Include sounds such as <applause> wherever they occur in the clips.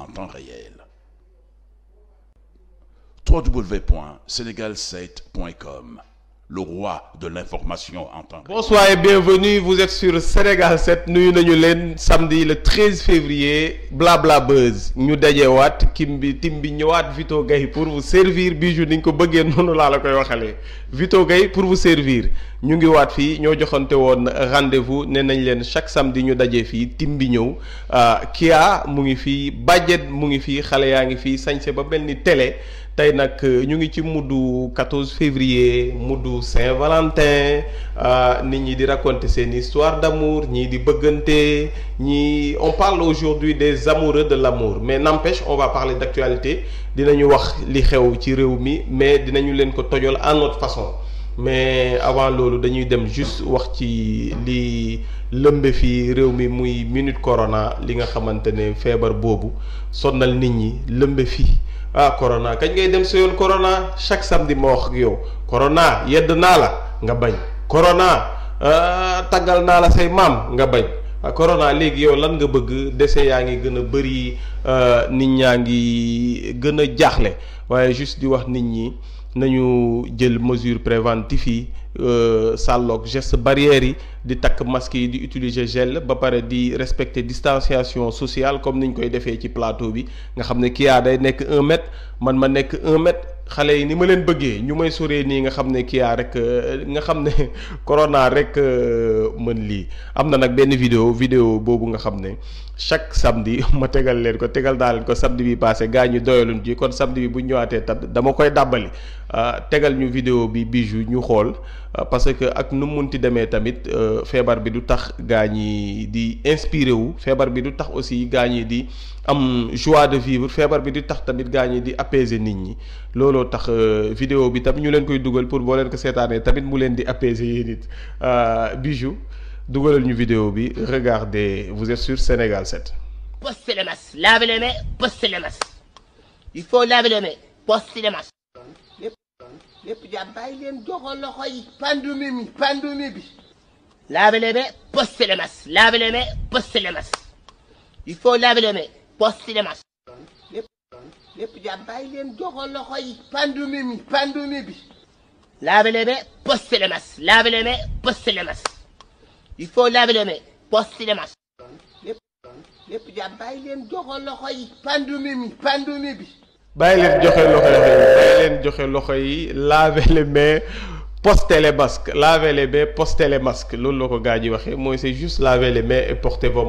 en temps réel www.senegal7.com le roi de l'information en temps réel. Bonsoir et bienvenue, vous êtes sur Sénégal nuyu nañu leen samedi le 13 février Blabla Buzz ñu dajewaat kim bi tim bi ñëwaat Vito Gaye pour vous servir bijou ni nga ko bëggee <laughs> noonu laa la koy waxalee Vito pour vous servir ñu ngi waat fii ñoo joxante woon rendez-vous nee nañ leen chaque samedi ñu dajee fii tim bi ñëw euh, Kia mu ngi fii budget mu ngi fii xale yaa ngi fii sañse ba benn ni télé tey nag euh, ñu ngi ci muddu 14 février muddu Saint-Valentin euh, nit ñi di raconter seen histoire d'amour ñii di bëggante ñii on parle aujourd'hui des amoureux de l'amour mais n'empêche on va parler d'actualité dinañu wax li xew ci réew mi mais dinañu leen ko tojol à notre façon mais avant loolu dañuy dem juste wax ci li lëmbe fii réew mi muy minute corona li nga xamante ne feebar boobu sonnal nit ñi lëmbe fii ah corona kañ ngay dem sa yoon corona chaque samedi ma wax ak yow corona yedd naa la nga bañ corona ah, taggal naa la say maam nga bañ ah, corona léegi yow lan nga bëgg dese yaa ngi gën a bëri ah, nit ñaa ngi gën a jaaxle waaye juste di wax nit ñi. nañu jël mesure préventive yi euh, sàlloog gest barrière yi di takk masque yi di utiliser gel ba pare di respecter distanciation sociale comme niñ koy defee ci plateau bi nga xam ne Kia day nekk un mètre man ma nekk un mètre xale yi ni ma leen bëggee ñu may soree nii nga xam ne Kia rek euh, nga xam ne <laughs> corona rek euh, mën lii am na nag benn video vidéo boobu nga xam ne chaque samedi <laughs> ma tegal leen ko tegal daal leen ko samedi bi passé gaa ñu doyaluñ ji kon samedi bi bu ñëwaatee tab dama koy dàbbali Euh, tegal ñu vidéo bi bijou ñu xool euh, parce que ak nu mun ti demee tamit euh, feebar bi du tax gaa ñi di inspiré wu feebar bi du tax aussi gaa ñi di am joie de vivre feebar bi du tax tamit gaa ñi di apaiser nit ñi looloo tax vidéo bi tam ñu leen koy dugal pour boo leen ko seetaanee tamit mu leen di apaiser yéen it bijou dugalal ñu vidéo bi regardez vous êtes sur Sénégal set lépp jàpp bàyyi leen joxo loxo yi. pandémie mi pandémie bi. laver les mains poser les masques. laver les mains poser les masques. il faut laver les mains poser les masques. lépp lépp jàpp bàyyi leen joxo loxo yi. pandémie mi pandémie bi. laver les mains poser les masques. laver les mains poser les masques. il faut laver les mains poser les masques. lépp lépp jàpp bàyyi leen joxo loxo yi. pandémie mi pandémie bi. bàyyi leen joxe loxo yi bàyyi leen joxe loxo yi laver les mains porter les masques laver les mains porter loolu la ko gaa ji waxee mooy c'est juste laver les mains et porter vos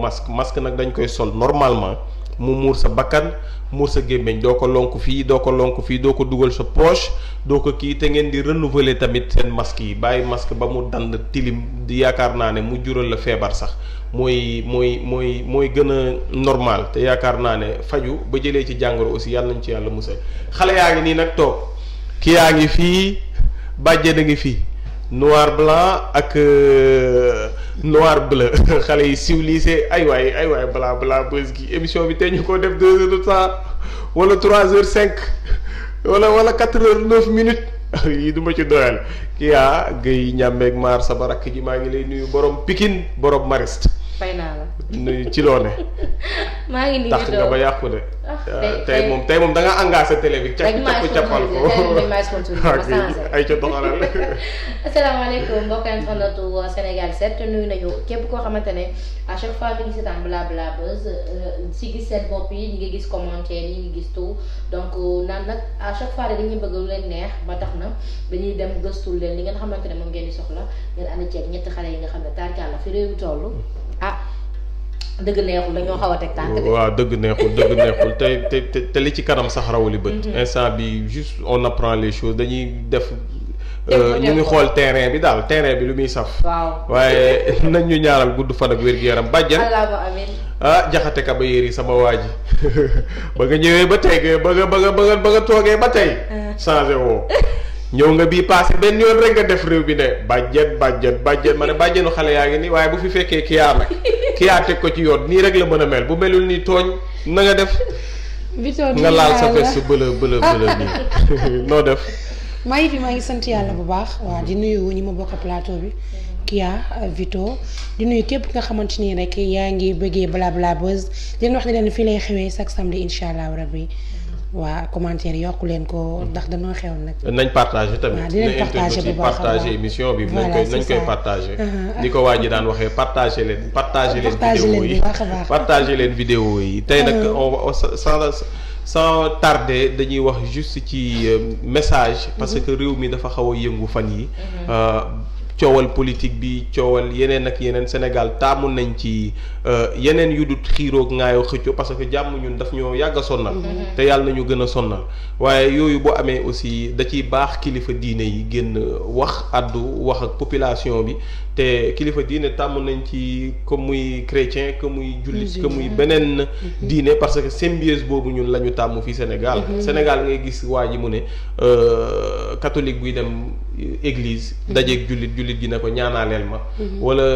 nag dañ koy sol normalement mu muur sa bakkan muur sa gémmiñ doo ko lonk fii doo ko lonk fii doo ko dugal sa poche doo ko kii te ngeen di renouveler tamit seen masque yi bàyyi masque ba mu dand tilim di yaakaar naa ne mu jural la feebar sax mooy mooy mooy mooy gën a normal te yaakaar naa ne faju ba jëlee ci jàngoro aussi yàlla nañ ci yàlla musal xale yaa ngi nii nag toog kii yaa ngi fii bàjjee na ngi fii noir blanc ak. Euh, noir bleu <laughs> xale yi civilisé ay waay ay waay balaa balaa bës gi émission bi tey ñu ko def deux heures de temps wala trois heures cinq wala wala quatre heures neuf minutes <laughs> yii duma ci doyal kii yaa Guèye Ñàmbeeg Maar sama rakk ji maa ngi lay nuyu borom pikin borom Mariste. fay naa la. nuyu ci loo <laughs> maa ngi nii tax nga ba yàqu de. Ah, ah, tey moom tey moom da nga engagé télé bi. ca capp cappal ko rek maa <laughs> ay ca doxalal. <laughs> asalaamaaleykum mbokk nuyu nañu képp koo xamante ne à chaque fois ñu ngi seetaan bla bla buzz euh, si gis set bopp yi ñu ngi gis commentaire yi ñu ngi gis tout donc euh, naan nag à chaque fois ñu bëgg lu leen neex ba tax na ba ñu dem gëstul leen li ngeen xamante ne moom ngeen di soxla ngeen ànd ceeg ñetti xale yi nga xam ne tarkaal la fi réew mi toll. ah dëgg neexul dañoo xaw a teg tànk de. waaw dëgg neexul dëgg neexul te te te li ci kanam sax rawali bët. Mhm. instant bi juste on apprend les choses dañuy def. Euh, ñu ngi xool terrain bi daal terrain bi lu muy saf. waaw waaye <laughs> nañ ñu ñaaral gudd fan ak wér-gu-yaram bàjjan. ah jaxate ka ba yéri sama waa ji <laughs> ba nga ñëwee ba tey ba nga ba nga ba nga toogee ba tey ah. changé woo. <laughs> ñëw nga bii passé benn yoon rek nga def réew bi ne bàjjen bàjjen bàjjen ma ne bàjjenu xale yaa ngi nii waaye bu fi fekkee kiyaa nag <laughs> kiyaa teg ko ci yoon nii rek la mën a mel bu melul nii tooñ na nga def nga laal sa fes bëla bëla bëla bi <laughs> noo def maa ngi fi maa ngi sant yàlla bu baax waaw di nuyu ñi ma bokk plateau bi Kia Vito di nuyu képp nga xamante nii rek yaa ngi bëggee Bla Bla Buzz leen wax ne leen fii lay xewee chaque samedi incha allah rabbi waa commentaire yokk leen ko mhm. ndax dañoo xew nag. nañ partagé tamit. waaw dinañ partagé bu baax partagé émission bi. voilà koy nañ koy partagé. ni ko waa ñi daan waxee partagé leen. partagé leen vidéo yi partagé leen vidéo yi tey nag on sans sans tarder dañuy wax juste ci euh, message. parce mhm. que réew mi dafa xaw a yëngu fan yi mhm. euh, coowal politique bi coowal yeneen ak yeneen Sénégal taamu nañ ci euh, yeneen yu dut xiiroog ngaayoo xëccoo parce que jàmm ñun daf ñoo yàgg a mm-hmm. Mm-hmm. te yàlla nañu gën a sonnal waaye yooyu boo amee aussi da ciy baax kilifa diine yi génn wax àddu wax ak population bi te kilifa diine tàmm nañ ci comme muy chrétien que muy jullit que muy mm-hmm. beneen mm-hmm. diine parce que symbiose boobu ñun la ñu tàmm fii Sénégal mm-hmm. Sénégal ngay gis waa ji mu ne euh, catholique buy dem église dajeeg jullit jullit gi ne ko ñaanaaleel ma wala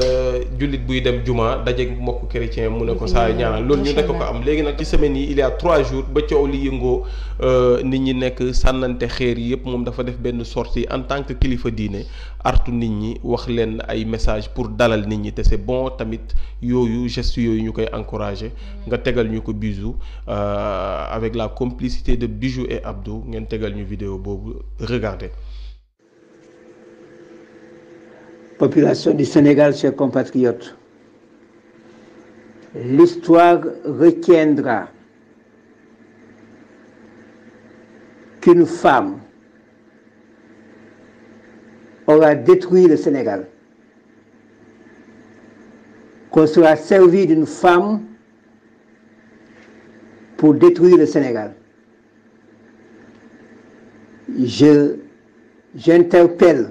jullit buy dem jumaa dajeeg mbokk chrétien mu ne ko saa ñaanal loolu ñu nekk ko am léegi nag ci semaine yi il y trois jours ba coow li yëngoo euh, nit ñi nekk sànnante xeer yi yëpp moom dafa def benn sortie en tant que kilifa diine artu nit ñi wax leen ay message pour dalal nit ñi te c'est bon tamit yooyu geste yooyu ñu koy encourager nga tegal ñu ko Bijou euh, avec la complicité de Bijou et Abdou ngeen tegal ñu vidéo boobu regardez population du Sénégal, chers compatriotes, l'histoire retiendra qu'une femme on va le Sénégal. Qu'on soit servi d'une femme pour détruire le Sénégal. Je, j'interpelle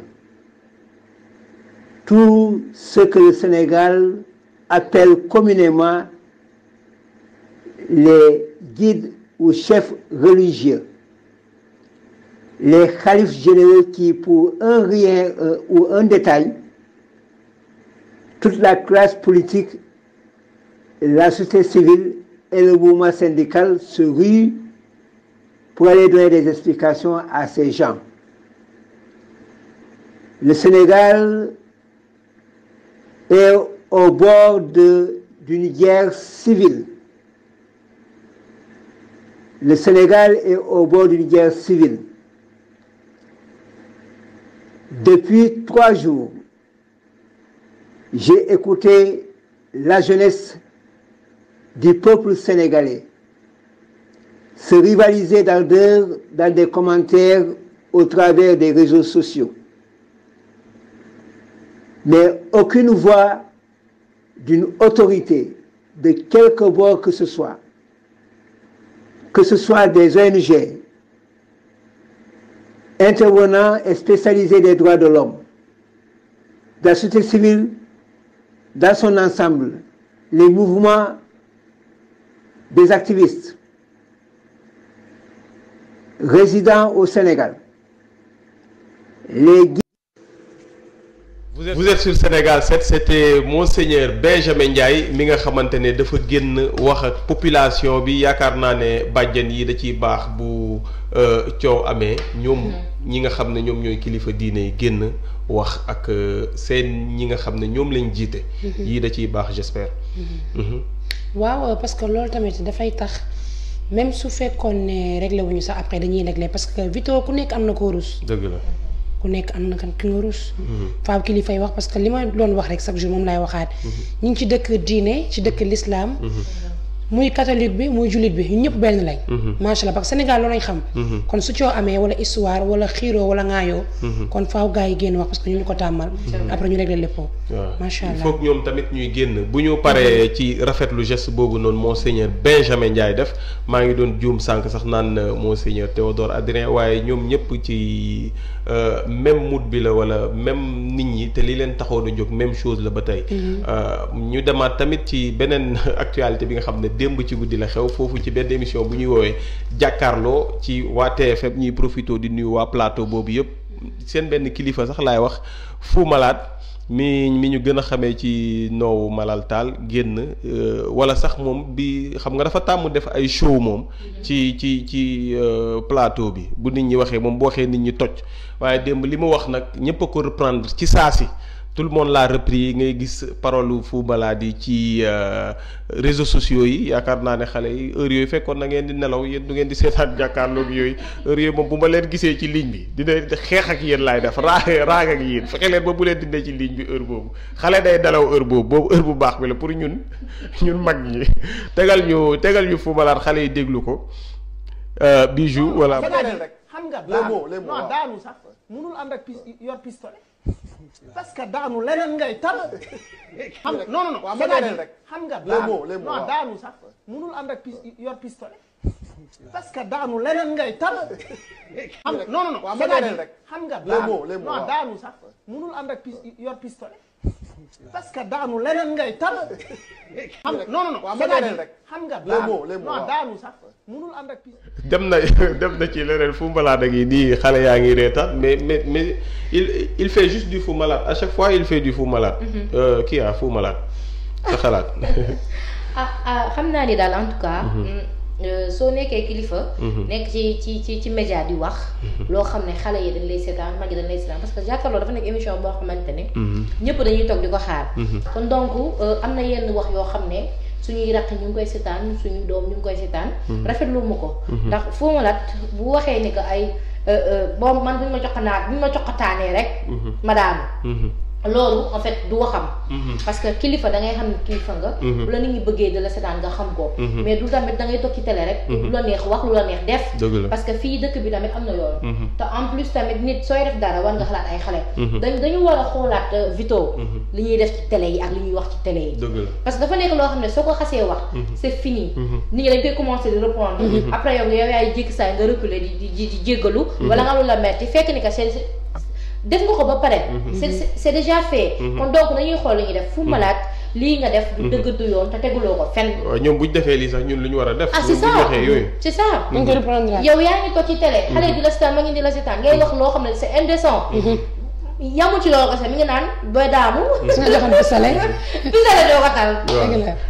tout ce que le Sénégal appelle communément les guides ou chefs religieux. les khalifes généraux qui, pour un rien euh, ou un détail, toute la classe politique, la société civile et le mouvement syndical se ruent pour aller donner des explications à ces gens. au bord d'une Le Sénégal est au bord d'une guerre civile. Depuis trois jours, j'ai écouté la jeunesse du peuple sénégalais se rivaliser d'ardeur dans des commentaires au travers des réseaux sociaux. Mais aucune voix d'une autorité, de quelque bord que ce soit, que ce soit des ONG, intervenant et spécialisé des droits de l'homme. De la société civile, dans son ensemble, les mouvements des activistes résidant au Sénégal, vous êtes, vous êtes sur Sénégal 7 c'était monseigneur Benjamin Ndiaye mi nga xamante ne dafa génn wax ak population bi yaakaar naa ne bàjjen yi da ciy baax bu euh, coow amee ñoom mm-hmm. ñi nga xam ne ñoom ñooy kilifa diine génn wax ak euh, seen ñi nga xam ne ñoom lañ jiite. Mm-hmm. yii da ciy baax j'espère. Mm-hmm. waaw euh, parce que loolu tamit dafay tax même su fekkoon ne réglé wuñu sax après dañuy réglé parce que Vito ku nekk am na ko rus. la. bu nekk am na kan ki nga rus. Mhm. faaw kilifa wax parce que li ma doon wax rek chaque jour moom laay waxaat. Mhm. ñu ngi ci dëkk diine ci dëkk lislaam mhm. muy catholique bi muy jullit bi ñëpp benn lañ. Mhm. macha allah parce que Sénégal loolu lañ xam. Mhm. kon su coo amee wala histoire wala xiiroo wala ŋaayoo. Mhm. kon faaw gars yi génn wax parce que ñu ngi ko tàmmal. après ñu réglé lépp. macha allah ñoom tamit ñuy génn bu ñu paree ci rafetlu geste boobu noonu monseigneur Benjamin Ndiaye def maa ngi doon juum sànq sax naan euh, monseigneur Théodore Adrien waaye ñoom ñëpp ci euh, même mood bi la wala même nit ñi te li leen taxoon a même chose la ba tey. Euh, ñu demaat tamit ci beneen <laughs> actualité bi nga xam ne démb ci guddi la xew foofu ci benn émission bu ñuy woowee jàkkaarloo ci waa TFM ñuy profité di nuyu waa plateau boobu yëpp seen benn kilifa sax laay wax Fou malaat mi mi ñu gën a xamee ci noowu Malal Taal génn euh, wala sax moom bi xam nga dafa tàmm def ay show moom ci ci ci euh, plateau bi bu nit ñi waxee moom bu waxee nit ñi toj waaye démb li ma wax nag ñëpp a ko reprendre ci saa si tout le monde l'a repris ngay gis parole Fou Malade ci euh, réseaux sociaux yi yaakaar naa ne xale yi heure yooyu fekkoon na ngeen di nelaw yéen du ngeen di seetaan <laughs> jàkkaarloog yooyu heure yooyu moom bu ma leen gisee ci ligne bi dina xeex ak yéen laay def raag raag ak yéen fexe leen ba bu leen dindee ci ligne bi heure boobu xale day dalaw heure boobu boobu heure bu baax bi la pour ñun <laughs> ñun mag ñi tegal ñu tegal ñu Fou Malade xale yi déglu ko euh, bijou voilà. xam nga daanu parce que daanu leneen ngay tal. xam non non non. waaw rek xam nga daanu non daanu sax munul ànd ak pis yor pistolet. parce que daanu leneen ngay tal. xam non non non. waaw rek xam nga daanu non daanu sax munul ànd ak pis yor parce que daanu leneen ngay tal. xam nga daanu non daanu sax munul ànd ak piste. dem na <laughs> dem na ci leneen fu malade gi di xale yaa ngi reetaan mais mais mais il il fait juste du fou malade à chaque fois il fait du fou malade. kii mhm. euh, ah fou malade sa xalaat. <laughs> ah ah xam naa ni daal en tout cas. Mhm. Mm, Euh, soo nekkee kilifa. Mhm. nekk ci ci ci ci média di wax. Mhm. loo xam ne xale yi dañ lay seetaan mag yi dañ lay seetaan parce que jàkkaarloo dafa nekk émission boo xamante ne. Mhm. ñëpp dañuy toog di ko xaar. kon donc euh, am na yenn wax yoo xam ne suñuy raq ñu ngi koy seetaan suñu doom ñu ngi koy seetaan. rafetlu ma ko. ndax foo ma laat bu waxee ni que ay euh, boo man buñ ma jox naat buñ ma jox taanee rek. ma daanu. loolu en fait du waxam. Mhm. parce que kilifa da ngay xam ni kilifa nga. Mhm. bu la nit ñi bëggee da setaan nga xam ko. Mhm. mais du tamit da ngay ci télé rek. lu la neex wax lu la neex def. parce que fii dëkk bi tamit am na yoon. te en plus tamit nit sooy def dara war nga xalaat ay xale. dañu war a xoolaat euh, vidéo li ñuy def ci télé yi ak li ñuy wax ci télé yi. parce que dafa nekk loo xam ne soo ko xasee wax. c' fini. nit ñi dañ koy commencé di reprendre. après yow yow yaay jékki def nga ko ba pare. Mhm. c'est mhm. c'est déjà fait. Mhm. kon donc dañuy xool li ñu def fu malaat lii nga def. du dëgg du yoon te teguloo ko fenn. ñoom bu defee lii sax ñun lu ñu war a def. ah c'est ça c'est ça. yow yaa ngi ko ci télé. xale di la seetaan ma ngi di la seetaan ngay wax loo xam ne c'est indécent. yamu ci loolu ko sax mi ngi naan booy daamu. Mm. su nga joxoon pisale. pisale <laughs> doo ko tal.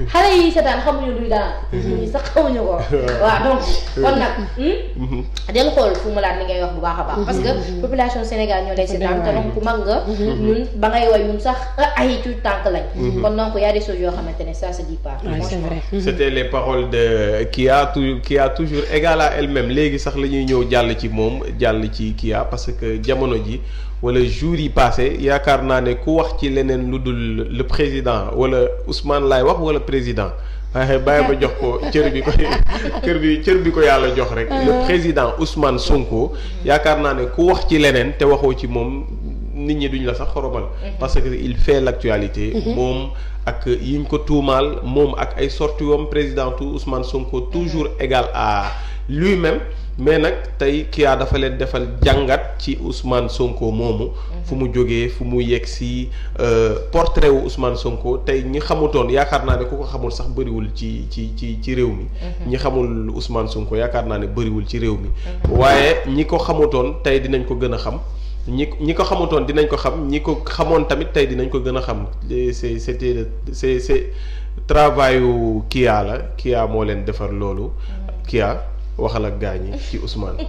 xale yi seetaan xamuñu luy daan. Mm-hmm. ñun sax xamuñu ko. <laughs> waaw donc kon nag. Hmm? Mm-hmm. del xool fu mu laat li ngay wax bu baax a baax. parce que mm-hmm. population Sénégal ñoo lay seetaan te donc ku mag nga. ñun ba ngay woy ñun sax ah, ay tuut tànk lañ. kon donc y a des choses yoo xamante ne ça se dit pas. c'est vrai c'était les de Kia toujours égal à elle léegi sax la ñuy ñëw jàll ci moom jàll ci Kia parce que jamono ji. wala jours yi passé yaakaar naa ne ku wax ci leneen lu dul le président wala Ousmane laay wax wala président waaye bàyyi ma jox ko cër bi ko <laughs> bi cër bi ko yàlla jox rek le euh. président Ousmane Sonko yaakaar naa ne ku wax ci leneen te waxoo ci moom nit ñi duñ la sax xoromal mhm. parce que il fait l'actualité mhm. moom ak yiñ ko tuumaal moom ak ay sortiwam président tout Ousmane Sonko toujours égal à lui-même mais nag tey Kia dafa leen defal jàngat ci Ousmane Sonko moomu. Mhm. fu mu jógee fu mu yegg si euh, portrait u Ousmane Sonko tey ñi xamutoon yaakaar naa ne ku ko xamul sax bëriwul ci ci ci ci réew mi. Mhm. ñi xamul Ousmane Sonko yaakaar naa ne bëriwul ci réew mi. Mhm. waaye ñi ko xamutoon tey dinañ ko gën a xam. ñi ñi ko xamutoon dinañ ko xam ñi ko xamoon tamit tey dinañ ko gën a xam eh, c'est c'était c'est c'est travail yu Kia la Kia moo leen defar loolu. Kia. waxal ak gaañ yi ci Ousmane. <laughs>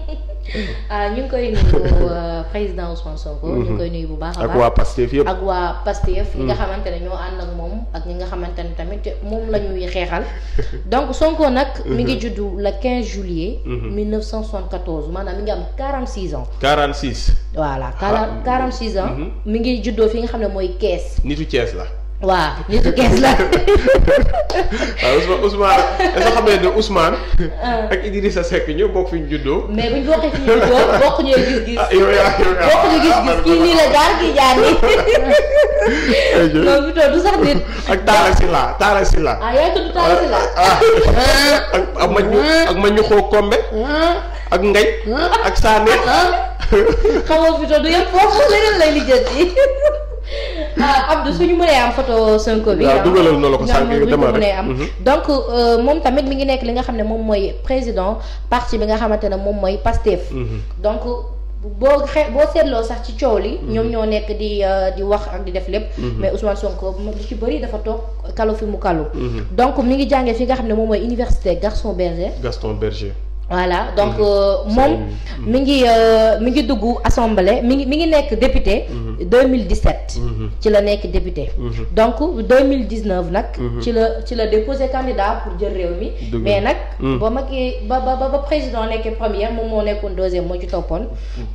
ah ñu ngi koy nuyu euh, président Ousmane Sonko. ñu ngi mhm. koy nuyu bu baax a baax ak waa Pastef yëpp ak waa Pastef. ñi nga mhm. xamante ne ñoo ànd ak moom ak ñi nga xamante ne tamit moom la ñuy <laughs> xeexal. donc Sonko nag. mi ngi mhm. juddu le 15 juillet. 1974 maanaam mi ngi am 46 ans. 46. voilà 46 ah, ans. mi ngi juddoo fi nga xam ne mooy Kees. nitu Kees la. <laughs> waaw ñu su kees la. waaw Ousmane Ousmane dafa xam ne Ousmane. Ah. ak Idrissa Seck ñoo bokk fi ñu fi ñu juddoo bokk ñu <laughs> ah, gis-gis kii nii la jaar kii jaar nii. <laughs> loolu du sax nit. ak Talla Sylla Talla Sylla. Ah, ak ma ñu ak ma ñu Kombe. ak Ngay. ak Sané. xamoo fi du yëpp foofu leneen lay lijjanti. Ah, Abdou suñu mënee am photo Sonko bi. waaw dugalal na la ko sànq demee am mhm. donc euh, moom tamit mi ngi nekk li nga xam ne moom mooy président parti bi nga xamante ne moom mooy Pastef. Mhm. donc boo xe boo seetloo sax ci coow li. Mhm. ñoom ñoo nekk di euh, di wax ak di def lépp. mais Ousmane Sonko lu ci bëri dafa toog kalu fi mu kalu. donc mu ngi jàngee fi nga xam ne moom mooy université Gaston Berger. Gaston Berger. voilà mm. donc euh, moom mu mm. ngi euh, mi ngi dugg assemblée mi ngi mi ngi nekk député 2017 mm-hmm. mm-hmm. ci la nekk député mm-hmm. donc 2019 nag ci la ci la déposé candidat pour jël réew mi mais nag mm. ba Macky ba ba ba président nekkee première moom moo nekkoon deuxième moo ci toppoon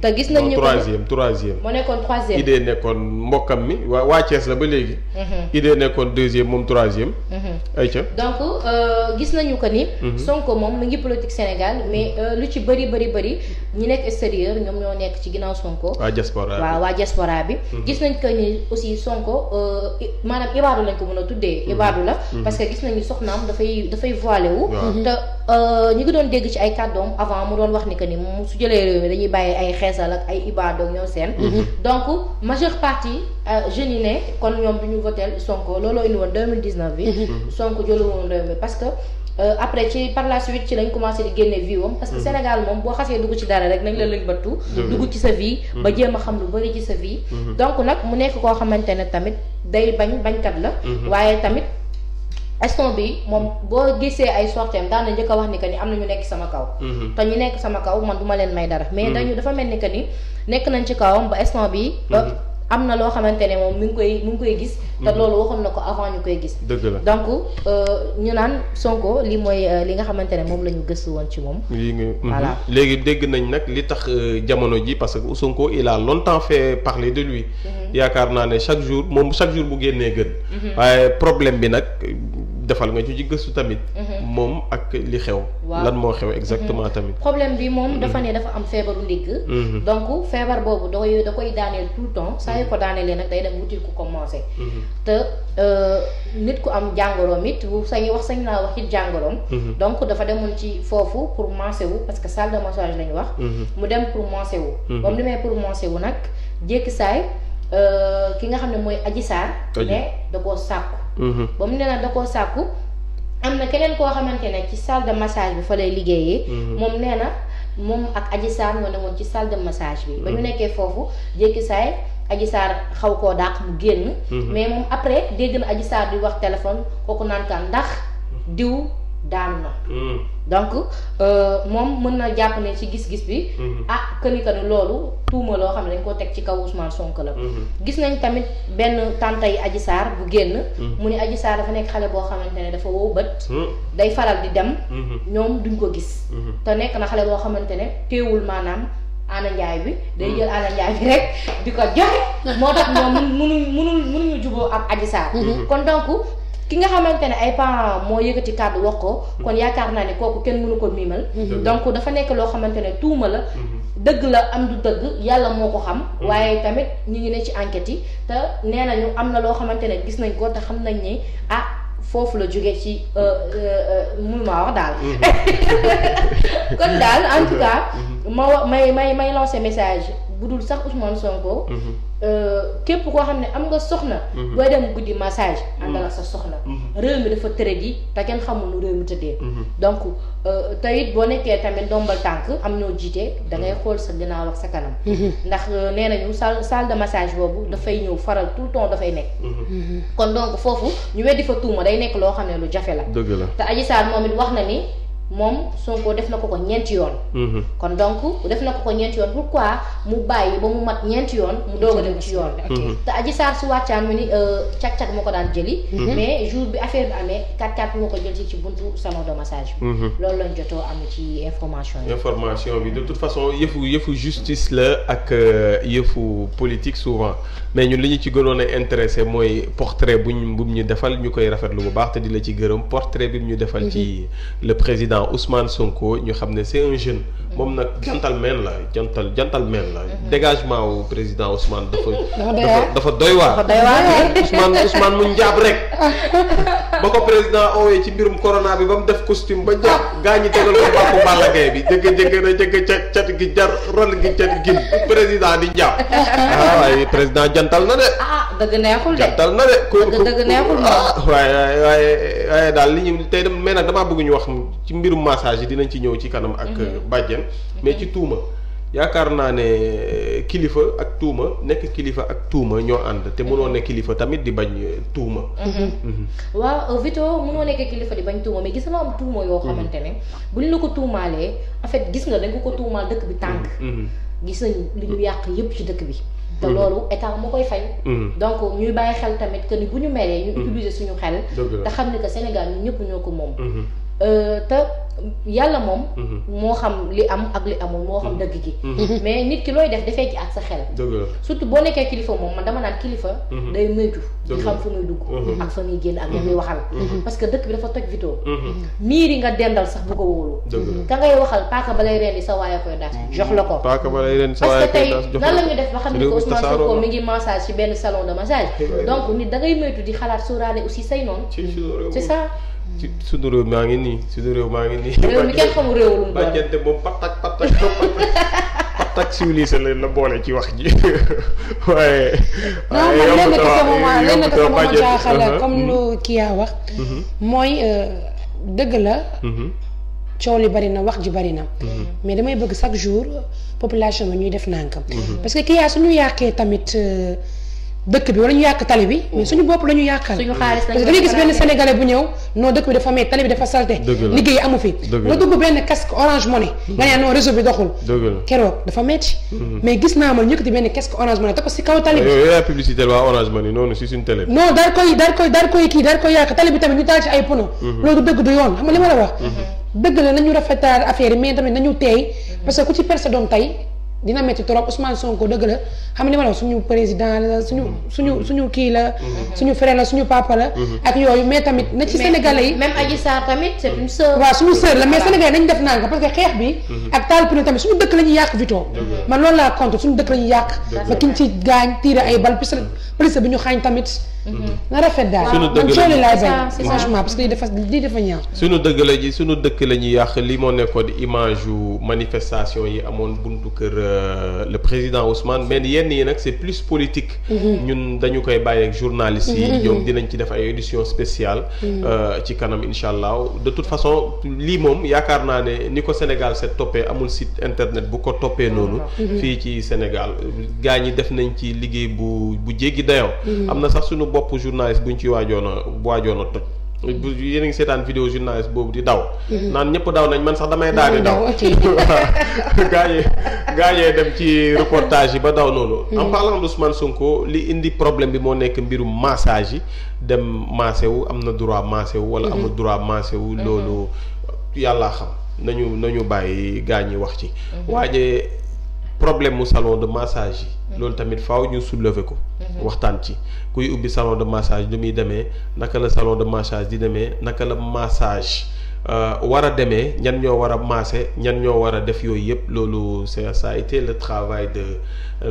te gis nañ ñu troisième troisième moo nekkoon troisième idée nekkoon mbokkam mi waa waa Thiès la ba léegi idée deuxième moom troisième ay ca donc euh, gis nañu ko ni Sonko moom mi ngi politique Sénégal Sénégal mais euh, lu ci bëri bëri bëri ñi nekk extérieur ñoom ñoo nekk ci ginnaaw Sonko. waa diaspora bi waaw waa diaspora mhm. gis nañ que ni aussi Sonko euh, maanaam ibaadu lañ ko mën a tuddee. Mhm. ibaadu la mhm. parce que gis nañu soxnaam dafay dafay voilé wu. te euh, ñu ngi doon dégg ci ay kàddoom avant mu doon wax ni que ni mu su jëlee réew mi dañuy bàyyi ay xeesal ak ay ibaadu ak ñoom seen. donc majeure partie jeunes yi ne kon ñoom du ñu voté Sonko looloo indi woon 2019 bi. Sonko jëlu woon réew mi Euh, après ci par la suite ci lañ commencé di génne vie am parce que mm. Sénégal moom boo xasee dugg ci dara rek nañ la lañ battu dugg ci sa vie ba mm-hmm. jéem a xam lu bëri ci sa vie mm-hmm. donc nag mu nekk koo xamante ne tamit day bañ bañkat la mm-hmm. waaye tamit eston bi moom boo gisee ay sorteem daana jëkk a wax ni que ni am na ñu nekk sama kaw te ñu nekk sama kaw man du leen may dara mais dañu dafa mel ni que ni nekk nañ ci kawam ba eston bi am na loo xamante ne moom mi ngi koy mu ngi koy gis. te mhm. loolu waxoon na ko avant ñu koy gis. dëgg la donc euh, ñu naan Sonko li mooy euh, li nga xamante ne moom la ñu woon ci moom. Mhm. voilà léegi dégg nañ nag li tax euh, jamono ji parce que Sonko il a longtemps fait parler de lui. Mhm. yaakaar naa ne chaque jour moom chaque jour bu génnee gën. waaye problème bi nag defal nga ci gëstu tamit. moom ak li xew. lan moo xew exactement mhm. tamit. problème bi moom dafa mhm. ne dafa am feebaru ndigg. Mhm. donc feebar boobu da koy da koy daaneel tout le temps saa yu ko daaneelee nag day dem wuti ku te euh, nit ku am jàngoroom it bu sañ wax sañ naa wax it jàngoroom. donc dafa demoon ci foofu pour mancé wu parce que salle de massage lañu wax. mu dem pour mancé wu. ba mu demee pour mancé wu nag jékki saay euh, ki nga xam ne mooy aji saar. ne da koo ba mu ne nag da am na keneen koo xamante ne ci salle massage bi fa lay liggéeyee. Mhm. moom nee na moom ak Adji Sarr ñoo demoon ci salle massage bi. ba ñu mhm. nekkee foofu jékki saay Adji xaw koo dàq mu génn. Mhm. mais moom après dégg na Adji Sarr di wax téléphone kooku naan ndax diw. daanu na. Mm. donc euh, moom mën na jàpp ne ci gis-gis bi. Mm-hmm. ah que ni loolu tuuma loo xam ne dañ koo teg ci kaw Ousmane sonk la. Mm-hmm. gis nañ tamit benn tante yi Adji Sarr bu génn. Mm-hmm. mu ne Adji Sarr dafa nekk xale boo xamante ne dafa wow bët. day faral di dem. ñoom duñ ko gis. te nekk na xale boo xamante ne teewul maanaam. ana bi day jël ana njaay bi rek di ko joxe moo tax ñoom mënuñ mënuñ juboo ak Adji Sarr kon donc ki nga xamante ne ay parents moo yëkkati kàddu wax ko kon mm-hmm. yaakaar naa ne kooku kenn mënu ko miimal mm-hmm. donc dafa nekk loo xamante ne tuuma la mm-hmm. dëgg la am du dëgg yàlla moo ko xam waaye tamit ñu ngi ne ci enquête yi te nee nañu am na loo xamante ne gis nañ ko te xam nañ ni ah foofu la jóge ci euh, euh, mënu maa wax daal <laughs> kon daal en tout cas ma may may may lancer message bu dul sax Ousmane Sonko. Mhm. Euh, képp koo xam ne am nga soxna. Mhm. booy dem guddi massage. Mhm. àndal ak sa soxna. réew mi dafa tëre ji te kenn xamul nu réew mi tëddee. donc euh, te it boo nekkee tamit ndombal tànk am ñoo jiite da ngay xool sa ginnaaw ak sa kanam. ndax euh, nee nañu salle salle de massage boobu dafay ñëw faral tout le temps dafay nekk. kon donc foofu ñu weddi fa tuuma day nekk loo xam ne lu jafe la. dëgg la te Adji Sarr moom it wax na ni. moom Sonko def na ko ko ñeenti yoon. Mhm. kon donc def na ko ko ñeenti yoon pourquoi mu bàyyi ba mu mat ñeenti yoon. mu doog a dem ci yoon mhm. te Adji Sarr su wàccaan mu ni euh, càq-càq moo ko daan jëli. Mhm. mais jour bi affaire bi amee 4-4 moo ko jël ci buntu salon de massage loolu lañ jotoo am ci information yi. information bi de toute façon yëfu yëfu justice la ak euh, yëfu politique souvent mais ñu li ñu ci gënoon a mooy portrait bu ñu bu ñu defal ñu koy rafetlu bu baax te di la ci gërëm portrait bi ñu defal ci le président. président Ousmane Sonko ñu xam ne c'est un jeune moom nag gentleman la gentle gentleman la dégagement wu président Ousmane dafa. <laughs> dafa dafa doy waar. Ousmane Ousmane mu njaab rek <laughs> ba ko président oowee ci mbirum corona bi ba mu def costume ba jàpp gaa ñi tegal ko bàqu Balla Gaye bi jëgg jëgg na jëgg ca gi jar ron gi cat gin président di njaab ah, waaye président jantal na de. ah dëgg de jantal na de. dëgg dëgg neexul ah, waaye waaye. waaye eh, daal li ñu tey dem mais damaa bëgg ñu wax ci mbirum massage yi dinañ ci ñëw ci kanam ak mhm. euh, bàjjen mais ci tuuma yaakaar naa ne euh, kilifa ak tuuma nekk kilifa ak tuuma ñoo ànd te mënoo mhm. nekk kilifa tamit di bañ euh, tuuma. Mhm. waaw Vito mënoo nekk kilifa di bañ tuuma mais gis nga am tuuma yoo xamante ne buñ la ko tuumaalee en fait gis nga dañ ko ko tuumaal dëkk bi tànk. gis nañ li ñu yàq yépp ci dëkk bi. te mhm. loolu état moo koy fay. Mhm. donc ñuy bàyyi xel tamit que ni bu ñu meree. ñu mhm. utiliser suñu xel. te xam ne ko Sénégal ñun ñëpp ñoo ko moom. Euh, te yàlla moom. Mhm. moo xam li am ak li amul moo xam mhm. dëgg gi. Mhm. mais nit ki looy def defee ci ak sa xel. surtout boo nekkee kilifa moom man dama naan kilifa. day moytu di xam fu muy dugg. ak fa muy génn ak ña muy waxal. parce que dëkk bi dafa toj vitoo. miir yi nga bu ko wóolu. ka ngay waxal paaka ba lay rendi sa waaya koy jox la ko. paaka ba lay rendi sa waaya koy jox la ko parce que tey nan la ñuy def ba xam ni ko Ousmane Sonko mi ngi massage ci benn salon de massage. <laughs> donc nit da ngay moytu di xalaat sóoraale aussi say noonu. ci sunu réew maa ngi nii sunu réew maa ngi nii. réew mi kenn xamul réew lu bàjjante patak patak patak civilisé la boole ci wax ji <laughs> waaye. waaye yomb dama lenn ko sama jaaxal uh-huh. comme lu mm-hmm. kii yaa wax. Mm-hmm. mooy euh, dëgg la. Mm-hmm. coow li bari na wax ji bari na. mais damay bëgg chaque jour population bi ñuy def nànkam. parce kii yaa suñu yàqee tamit. Euh, dëkk bi wala ñu yàq tali bi mais suñu bopp la ñu yàqal suñu xaalis parce que da gis benn sénégalais bu ñëw non dëkk bi dafa met tali bi gis naa ma ñëkk di benn casque orange money mm-hmm. te ko si kaw tali bi yooyu yaa publicité waa orange money noonu si suñu télé non daal koy daal koy daal koy kii daal koy yàq tali bi tamit ñu taal ci ay pono mm-hmm. loolu dëgg du yoon xam nga li ma la wax mm-hmm. dëgg la nañu rafetaal affaire yi tamit nañu teey parce ku ci perse doom tey dina métti trop Ousmane Sonko dëgg la xam ni li ma la suñu président la suñu mm-hmm. suñu mm-hmm. suñu kii la. Mm-hmm. suñu frère la suñu papa la. ak yooyu mais tamit na ci sénégalais yi. même Adji Sarr tamit c'est une suñu sœur la mais sénégalais nañu def naan ko parce que xeex bi. ak taal pneu tamit suñu dëkk la yàq Vito. man loolu laa compte suñu dëkk la ñuy yàq. ba kiñ ci gaañ tiire ay bal plus plus bi ñu xaañ tamit. na rafet daal sunu dëgg la lay bañ franchement parce que lii dafa lii dafa ñaaw sunu la ji sunu dëkk la ñuy yàq li moo nekkoon image yu manifestation yi amoon buntu kër euh, le président Ousmane mais yenn yi nag si plus politique mm-hmm. ñun dañu koy bàyyi ak journalistes yi mm-hmm. ñoom dinañ ci def ay édition spéciale mm-hmm. euh, ci kanam incha allah de toute façon lii moom yaakaar naa ne ni ko Sénégal set toppee amul site internet bu ko toppee noonu fii ci Sénégal gaa ñi def nañ ci liggéey bu bu jéggi dayoo am na sax sunu bopp journaliste buñ ci waajoon a waajoon a toj. yéen a ngi seetaan vidéo journaliste boobu di daw. Mm-hmm. naan ñëpp daw nañ man sax damay daal di daw. <laughs> gaa yee dem ci reportage yi ba daw noonu. Mm-hmm. en parlant d'Ousmane Sonko li indi problème bi moo nekk mbirum massage yi dem massé wu am na droit massé wu. wala mm-hmm. amul droit massé loolu yàllaa xam nañu nañu bàyyi gaa ñi wax ci. waaye problème mu salon de massage yi mm-hmm. loolu tamit faaw ñu soulever ko mm-hmm. waxtaan ci kuy ubbi salon de massage lu muy demee naka la salon de massage di demee naka la massage euh, war a demee ñan ñoo war a maase ñan ñoo war a def yooyu yëpp loolu c'est ça a été le travail de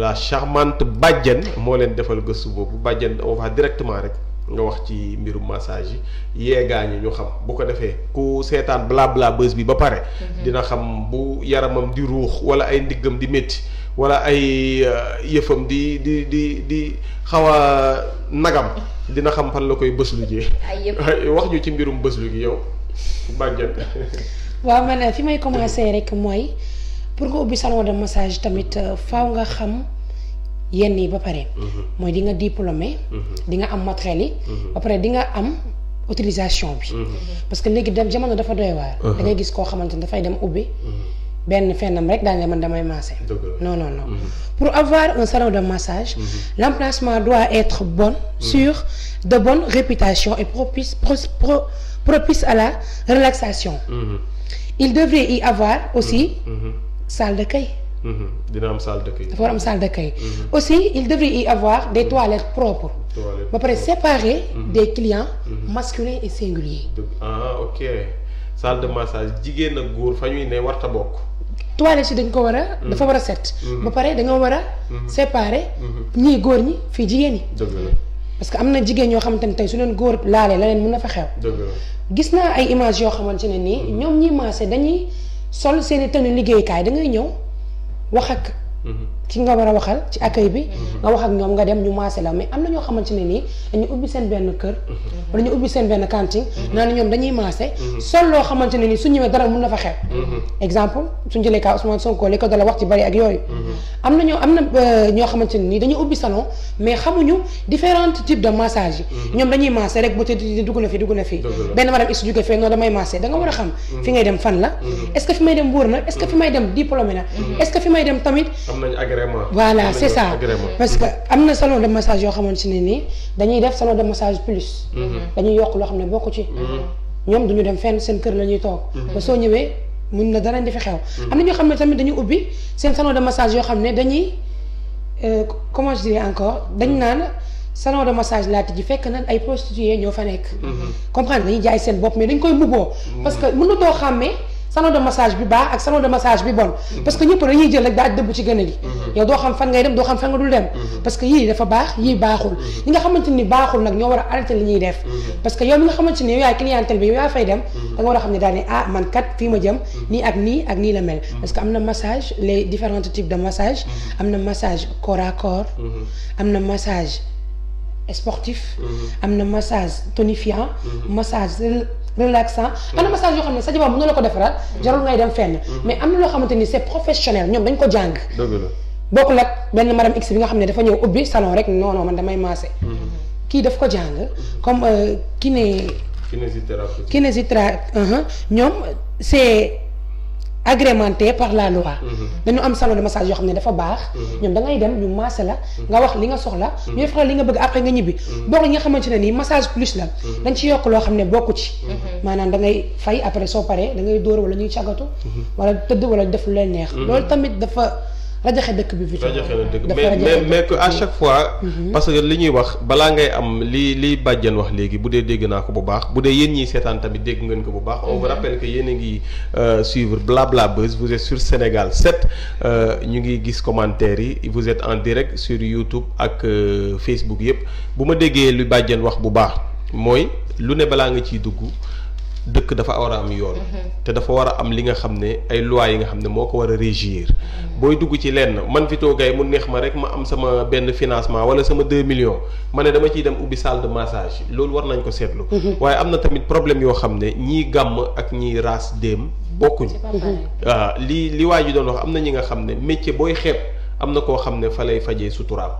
la charmante bàjjen moo leen defal gëstu boobu bàjjen on va directement rek nga wax ci mbirum massage yi yeegaañu ñu xam bu ko defee ku seetaan bla bla bës bi ba pare. Mhm. dina xam bu yaramam di ruux wala ay ndiggam di métti wala ay euh, yëfam di di di di xaw a nagam <laughs> dina xam fan la koy bës lu jee <laughs> wax ñu ci mbirum bës lu gi yow bàjjan. <laughs> waaw man fi may commencer rek mooy pour nga ubbi salon massage tamit euh, faw nga xam. yenn yi ba pare. Mhm. mooy di nga diplômé. Mhm. di nga am matériel yi. Mhm. ba pare di nga am autorisation bi. parce que léegi dem jamono dafa doy waar. da ngay gis koo xamante ni dafay dem ubbi. benn fennam rek daañu la mën damay masser. no non non pour avoir un salon de massage. l'emplacement doit être bon. sûr de bonne réputation et propice propice à la relaxation. il devrait y avoir aussi salle d'accueil. Mm-hmm. dina am salle d'accueil. dafa war am salle d'accueil. Mm-hmm. aussi il devrait y avoir des toilettes propres. toilettes ba pare séparer. Mm-hmm. des client masculins et singuliers. ah ok salle de massage jigéen ak góor fa ñuy ne warta bokk. toilettes yi dañ ko war a. dafa war a set. ba pare dañoo war a. séparer. ñii góor ñi fii jigéen ñi. dëgg parce que am na jigéen ñoo xamante ne tey su leen góor laalee la leen mën na fa xew. gis naa ay images yoo xamante ne nii. ñoom ñi maase dañuy sol seen i tenue liggéeykaay da ñëw. wax ak. Mhm. ki nga war a waxal ci accueil bi nga wax ak ñoom nga dem ñu maase la mais am na ñoo xamante ne nii dañu ubbi seen benn kër wala ñu ubbi seen benn cantine naa ne ñoom dañuy maase sol loo xamante ne nii su ñëwee dara mun na fa xew exemple suñ jëlee kaa Ousmane Sonko li ko dala wax ci bari ak yooyu am na ñoo am na euh, ñoo xamante ne nii dañuy ubbi salon mais xamuñu différents types de massage yi ñoom dañuy maase rek ba tëdd dugg na fi dugg na fi benn madame is jóge fee noonu damay maase da nga war a xam fi ngay dem fan la est-ce que fi may dem wóor na est-ce que fi may dem diplômé na est-ce que fi may dem tamit agrément c'est ça parce que am na salon de massage yoo xamante ne nii dañuy def salon de massage plus mhm. dañuy yokk loo xam ne bokku ci mhm. ñoom duñu dem fenn seen kër la ñuy toog mhm. ba soo ñëwee mun na dara defe xew am na ñoo xam ne tamit dañu ubbi seen salon de massage yoo xam ne dañuy euh, comment je encore dañ naan salon de massage laa tijji fekk na ay prostituées ñoo fa nekk comprendre dañuy jaay seen bopp mais dañ koy mbubboo parce que mënatoo xàmmee salon de massage bi baax ak salon de massage bi bon mhm. parce que ñëpp dañuy jël rek daaj dëbb ci gën a gi mhm. yow doo xam fan ngay dem doo xam fan nga dul dem mhm. parce que yii dafa baax yii baaxul ñi nga xamante ni baaxul nag ñoo war a arrêté ñuy def parce que yow mi nga xamante ni yow yaay clientèle bi yow yaa fay dem da war a xam ne daal ne ah man kat fii ma jëm nii ak nii ak nii la mel parce que am na massage les différents types de massage am na massage corps à corps am na massage sportif am na massage tonifiant massage relaxant mm. am na massage yoo xam ne sa jabar mën na la ko defaraat mm. jarul ngay dem fenn mm-hmm. mais am na loo xamante ni c'est professionnel ñoom dañ ko jàng bokkul ak benn madame x bi nga xam ne dafa ñëw ubbi salon rek non non man damay maase mm-hmm. kii daf ko jàng mm-hmm. comme euh, kiné kinésithérapie kinésithérapie uh-huh. ñoom c'est agrémenté par la loi. Mm-hmm. dañu am salon massage yoo xam ne dafa baax. Mm-hmm. ñoom da ngay dem ñu maase la. nga wax li nga soxla. Mm-hmm. ñu defaral li nga bëgg après nga ñibbi. bokk li nga xamante ne nii massage plus la. dañ ci yokk loo xam ne bokk ci. maanaam da ngay fay après soo paree da ngay dóor wala ñuy càggatu. wala tëdd wala def lu leen neex. loolu tamit dafa. rajaxe dëkk bi. rajaxe na dëkk mais mais à chaque fois. Mhm. parce que li ñuy wax balaa ngay am li li bàjjan wax léegi bu dee dégg naa ko bu baax bu dee yéen ñiy seetaan tamit dégg ngeen ko bu baax. o vous mhm. rappelle que yen a ngi euh, suivre Blabla Buzz vous êtes sur Sénégal 7 euh, ñu ngi gis commentaires yi vous êtes en direct sur YouTube ak euh, Facebook yëpp bu ma déggee lu bàjjen wax bu baax mooy lu ne balaa nga ciy dugg. dëkk dafa war a am yoon. te dafa war a am li nga xam ne ay loi yi nga xam ne moo ko war a régir. booy dugg ci lenn man fi toogay mu neex ma rek ma am sama benn financement wala sama 2 million ma ne dama ciy dem ubbi salle de massage loolu war nañ ko seetlu. waaye am na tamit problème yoo xam ne ñii gàmm ak ñii raas déem bokkuñu. waaw ah, li li waa ji doon wax am na ñi nga xam ne métier booy xeeb. am na koo xam ne fa lay fajee suturaam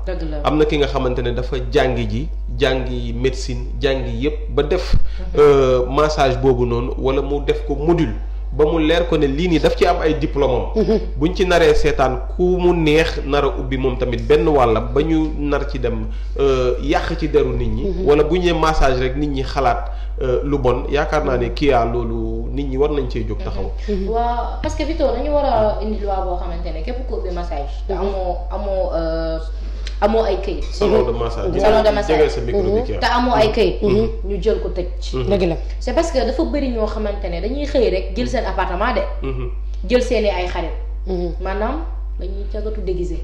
am na ki nga xamante ne dafa jàngi ji jàngi médecine jàngi yépp ba def euh, massage boobu noonu wala mu def ko module ba mu leer ko ne lii nii daf ci am ay diplôme am mhm. buñ ci naree seetaan ku mu neex nar ubbi moom tamit benn wàlla ba ñu nar ci dem euh, yàq ci deru nit ñi mhm. wala bu ñu nee massage rek nit ñi xalaat euh, lu bon yaakaar naa ne mhm. kii yaa loolu nit ñi war nañ cee jóg taxaw waaw parce que Vito dañu war a indi loi boo xamante ne képp ko ubbi massage te amoo amoo euh, amoo ay këyit. salon de massage salon de massage te amoo ay mhm. këyit. Mhm. Mhm. ñu jël ko tëj ci. dëgg la c'est parce que dafa bëri ñoo xamante ne dañuy xëy rek jël seen appartement de. jël seeni ay xarit. maanaam dañuy cagatu déguisé.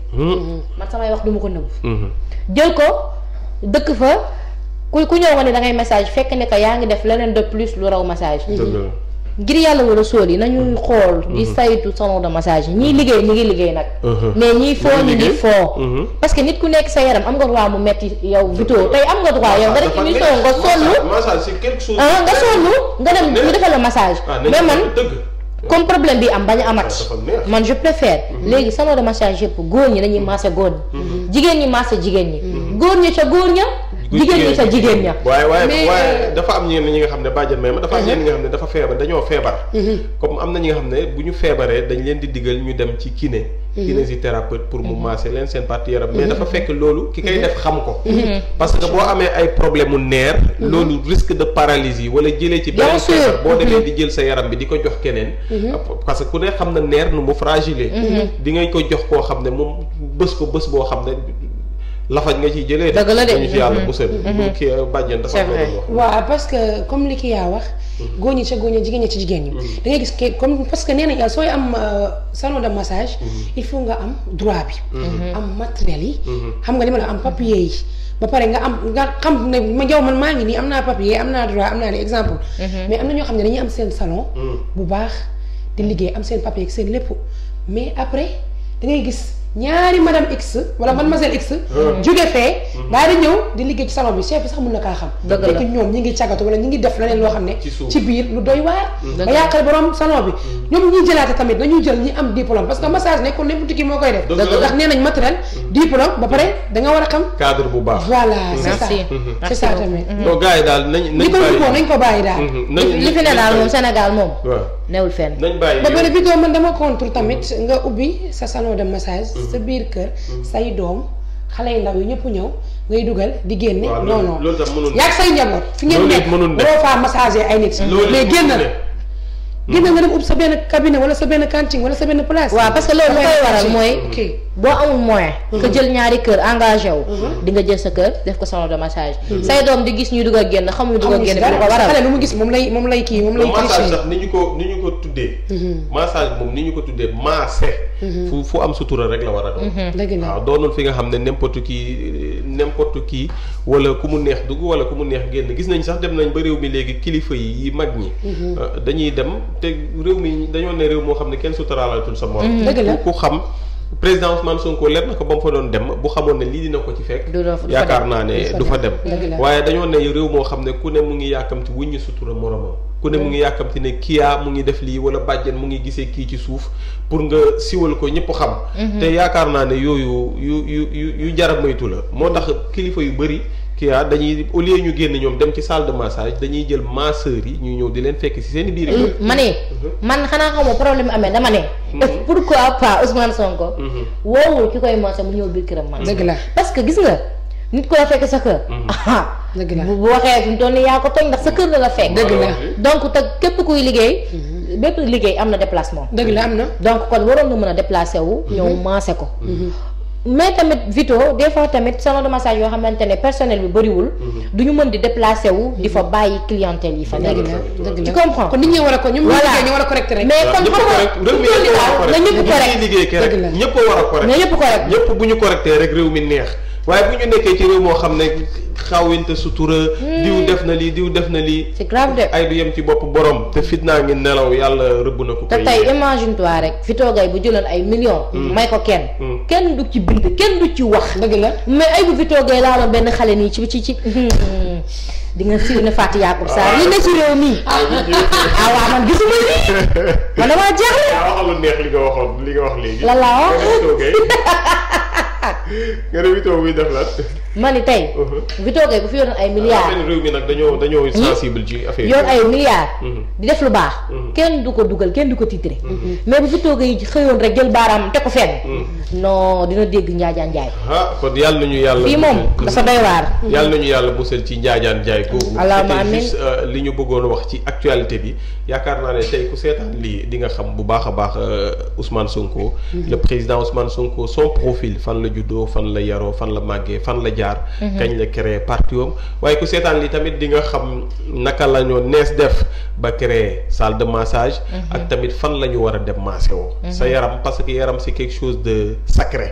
man samay wax duma ko nëbb. jël ko dëkk fa ku ku ñëw nga ne da ngay message fekk ne yaa ngi def leneen de plus lu raw message. ngir yàlla war a sóor yi nañuy xool di mhm. saytu salon de massage yi ñiy mhm. liggéey ñi ngi liggéey nag mhm. mais ñiy foo ñi ngi foo parce que nit ku nekk sa yaram am nga droit mu metti yow Vito tey am nga droit yow nga def ah, émission nga sollu ah nga dem ñu defal la massage ah, mais man comme problème bi am bañ a amat ah, man je préfère léegi salon de massage yëpp góor ñi dañuy massé góor ñi jigéen ñi massé jigéen ñi góor ñi ca góor ña jigéen ñi ca jigéen ña waaye waaye euh, dafa am ñeen ñi nga xam ne bàjjan may ma dafa am uh-huh. ñeen ñi nga xam ne dafa feebar dañoo feebar uh-huh. comme am na ñi nga xam ne bu ñu feebaree dañ leen di digal ñu dem ci kiné uh-huh. kinésithérapeute pour mu masser leen seen partie yaram mais dafa fekk loolu ki kay def xam ko parce que boo amee ay problème mu nerf loolu risque de yi wala jëlee ci benn feebar boo demee di jël sa yaram bi di ko jox keneen parce que ku ne xam na nerf nu mu fragile di ngay ko jox koo xam ne moom bës ko bës boo xam ne lafañ nga ciy jëlee. dëgg la de ñu ci yàlla mhm. musal. Mhm. kii euh, bàjjen dafa wax. waaw parce que comme li kii yaa wax. Mhm. góor ñi ca góor ñi jigéen ñi ci jigéen ñi. da ngay gis comme parce que nee nañ sooy am euh, salon de massage. il faut nga am droit bi. am matériel yi. xam nga li ma am papier yi. ba pare nga am nga xam ne ma jaw man maa ngi nii am naa papier am naa droit am naa ne exemple. mais am na ñoo xam ne dañuy am seen salon. bu baax di liggéey am seen papier ak seen lépp mais après da gis. ñaari madame X wala mademoiselle X. Hmm. jóge fee. Hmm. daal di ci salon bi chef ngi càggatu wala ñi ngi def leneen loo xam ne. ci biir lu doy waar. Hmm. ba yàqal borom salon jël ñi am diplôme parce que massage nekkul ne boutique yi moo a bu baax voilà c' est ça. c' tamit. donc moom newul fenn. ba pare bi doo man dama contre tamit nga ubbi sa salon de massage sa biir kër say doom xale yu ndaw yi ñëpp ñëw ngay dugal di génne non non yaag say njaboot fi ngeen nekk mënul faa massager ay nit mais génnal gis na nga dem ubbi sa benn cabinet wala sa benn cantine wala sa benn place. waaw parce que loolu koy waral mooy. boo amul moyen. Mhm. nga jël ñaari kër engagé wu. Mhm. di nga jël sa kër def ko salon de massage. Mhm. say doom di gis ñuy dugg ak génn xamuñu dugg ak génn. xamuñu gis moom lay moom lay kii ñu ko ni ñu ko tuddee. massage moom ni ñu ko tuddee maase. fu am sutura rek la war a doon. dëgg la waaw doonul fi nga xam ne n'importe qui n'importe kii wala ku mu neex dugg wala ku mu neex génn gis nañ sax dem nañ ba réew mi léegi kilifa yi mag ñi euh, dañuy dem te réew mi dañoo ne réew moo xam ne kenn suturaalaatul sa morom. Mm-hmm. dëgg la ku xam. président Ousmane Sonko leer na ko ba mu fa doon dem bu xamoon ne lii dina ko ci fekk yaakaar naa ne du fa dem waaye dañoo ne réew moo xam ne ku ne mu ngi yàkkamti wuññi sutura moromam ku ne mu ngi mm-hmm. yàkkamti ne kiyaa mu ngi def lii wala bàjjen mu ngi gisee kii ci suuf pour nga siwal ko ñëpp xam mm-hmm. te yaakaar naa ne yooyu yu yu yu yu jara moytu la moo tax kilifa yu bëri kii ah, dañuy au ñu génn ñoom dem ci salle de massage dañuy jël masseurs yi ñu ñëw di leen fekk ci seen biir. Mmh, ma ne. Mmh. man xanaa xaw ma problème amee dama ne. Mmh. pourquoi pas Ousmane Sonko. woowul ki koy massé mu ñëw biir këram man. dëgg la parce que gis nga nit ko la fekk sa kër. dëgg bu waxee fi mu toll nii yaa ko tooñ ndax sa kër la la fekk. dëgg la donc te képp kuy liggéey. bépp liggéey am na déplacement. dëgg la am na. donc kon waroon nga mën a déplacé wu. ñëw maase ko. mais tamit Vito des fois tamit salon de massage yoo xamante ne personnel bi bëriwul. Mhm. du ñu mën di déplacé wu. di fa mhm. bàyyi clientèle yi fa nekk. dëgg la tu comprends. kon nit ñi war a ko ñu war a correct rek. mais kon xam nga ñëpp correct. ñëpp correct. ñëpp correct. ñëpp bu ñu correcté rek réew mi neex. waaye bu ñu nekkee ci réew moo xam ne xawinte sutura. Hmm. diw def na lii diw def na lii. c'est grave de ay du yem ci bopp borom. te fitnaa ngi nelaw yàlla rëbb na ko. te tey imagine toi rek. fi bu jëloon ay millions. Hmm. may ko kenn. Hmm. kenn du ci bind kenn du ci wax. dëgg la mais ay bu fi toogay laaloon benn xale nii ci ci ci. <laughs> di nga siiw ne Fatou Yacouba Sarr ah. lii ne <laughs> ah, ci réew mi. ah waaw man gisuma lii <laughs> man damaa jaaxle. waaw waxal neex li nga waxoon li nga wax léegi. lan laa wax nga ne Vito muy def lan. ma ni tey. Uh-huh. bu fi yoroon ay milliards. réew mi nag dañoo dañoo sensible ci affaire yor ay milliards. Uh-huh. di def lu baax. Uh-huh. kenn du ko dugal kenn du ko titré. mais bu Vito kay xëyoon rek jël baaraam te ko fenn. non dina dégg njaajaan njaay. ah kon yàlla nañu yàlla. fii moom dafa doy waar. yàlla nañu yàlla musal ci njaajaan njaay ko allahumma amiin euh, li ñu bëggoon wax ci actualité bi yaakaar naa ne tey ku seetaan lii di nga xam bu baax a baax euh, Ousmane Sonko. le président Ousmane Sonko son profil fan la juddoo fan la yaroo fan la màggee fan la jaar mhm. kañ la créé parti am waaye ku seetaan li tamit di nga xam naka la ñoo nees def ba créé salle de massage mhm. ak tamit fan la ñu a dem massé mhm. sa yaram parce que yaram c'est quelque chose de sacré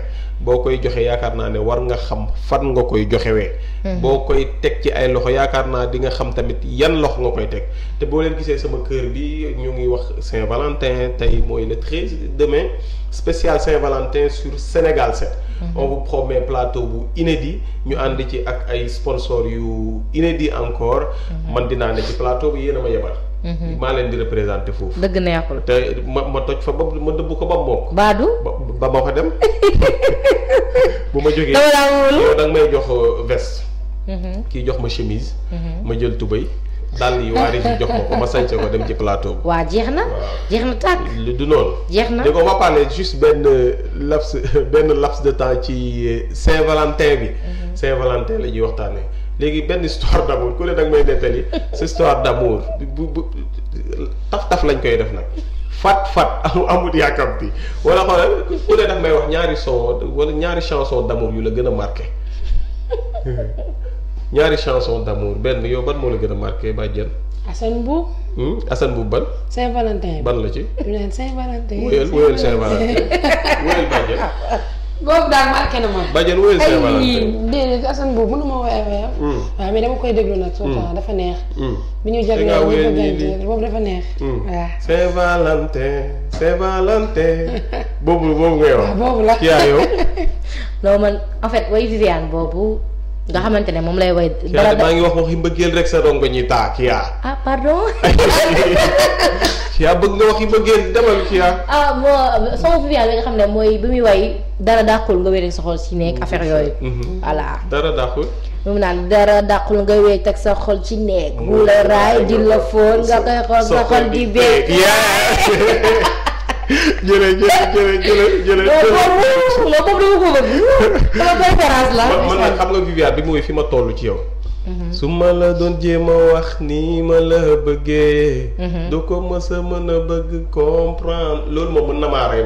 boo koy joxee yaakaar naa ne war nga xam fan nga koy joxewee hmm. boo koy teg ci ay loxo yaakaar naa di nga xam tamit yan loxo nga koy teg te boo leen gisee sama kër bi ñu ngi wax Saint-Valentin tey mooy le treize demain spécial Saint-Valentin sur Sénégal 7 hmm. on vous plateau bu inédit ñu ànd ci ak ay sponsors yu inédit encore hmm. man dinaa ne ci plateau bi yéen a ma Mhm. maa leen di représenté foofu. dëgg neexul te ma ma toj fa ba ma dëbb ko ba mbokk. baadu ba ba ma ko dem. <laughs> bu ma jógee yow da nga may jox euh, veste. Mhm. kii jox ma chemise. Mhm. ma jël tubéy. dal yi waari yi jox ma ko ma sañse ko dem ci plateau waa jeex na jeex na tàkk. du noonu. jeex na di ko ma parler juste benn euh, laps <laughs> benn laps de temps ci euh, Saint-Valentin bi. Saint-Valentin la ñuy waxtaanee. léegi benn histoire d'amour ku ne danga may nettali sa histoire d'amour bu bu taf taf lañ koy def nag fat fat amul yaakam bi wala xoolal ku ne daf may wax ñaari son wala ñaari chanson d'amour yu la gën a marqué ñaari chanson d'amour benn yow ban moo la gën a marqué bàjjen. Assane bu. Hmm? Assane bu ban. Saint-Valentin ban la ci. ñu naan valentin wóyal wóyal boobu daal marqué na ma. Badiane wóyul say valeur ay déedéet Assane boobu mënuma woy woyam. Hmm. waaw dama koy déglu nag. souvent hmm. dafa neex. Hmm. bi ñuy jar ñu ko boobu dafa neex. waaw c'est Valentin c'est Valentin. <laughs> boobu boobu ah, <laughs> fait way Viviane boobu. nga xamante ne moom lay way. dara maa ngi wax waxi mbëggeel rek sa rongo taa Kia. ah pardon. <laughs> Kia bëgg nga waxi mbëggeel demal Kia. ah bon sama Viviane bi nga xam ne mooy bi muy way. dara dàqul nga wéreeg sa xol ci nekk affaire yooyu. voilà dara dàqul. moom naan dara dàqul nga wéet ak sa xol ci nekk. mu la raay di la nga koy xool sa xol di beeg. jërëjëf jërëjëf jërëjëf. non non comme ni ma ko bëgg. sama préférence la. man nag xam nga Viviane bi mooy fi ma toll ci yow. su ma la doon jéem a wax nii ma la bëggee. du ko mës mën a bëgg comprendre loolu moom mën na maa rey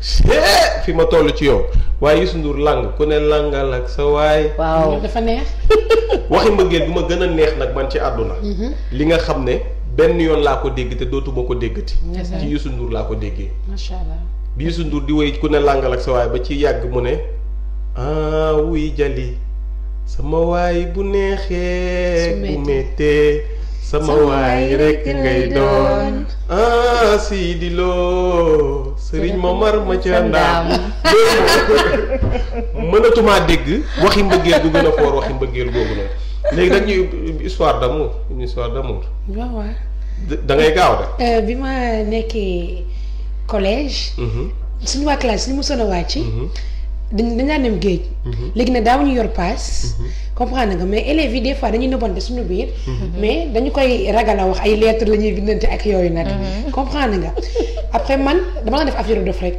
fi ma toll ci yow waaye Youssou Ndour lang ku ne langal ak sa waay. waaw dafa neex. <laughs> waxi mbëggeel bi ma gën a neex nag man ci àdduna. Mhm. li nga xam ne benn yoon laa ko dégg te dootuma ko déggati. ci Youssou Ndour laa ko déggee. macha allah bi Youssou Ndour di woy ku ne langal ak sa waay ba ci yàgg mu ne. ah wuy sama waay bu neexee. bu méttee sama waay rek ngay doon. ah loo sëriñ Momar ma ca ndaam mënatumaa dégg waxi mbëggeel bu gën a foor waxi mbëggeel boobu la léegi nag ñuy histoire d'amour une histoire d'amour waaw waaw da ngay gaaw euh, bi ma nekkee collège mhm. suñu waa classe suñu mosoon wàcc dañ dañ daan dem géej. Mhm. léegi nag ñu yor paas. Mhm. comprendre nga mais élèves yi des fois dañuy nëbbante suñu biir. Mhm. mais dañu koy ragal a wax ay lettres la ñuy bindante ak yooyu nag. comprendre nga après man dama la def affaire dof rek.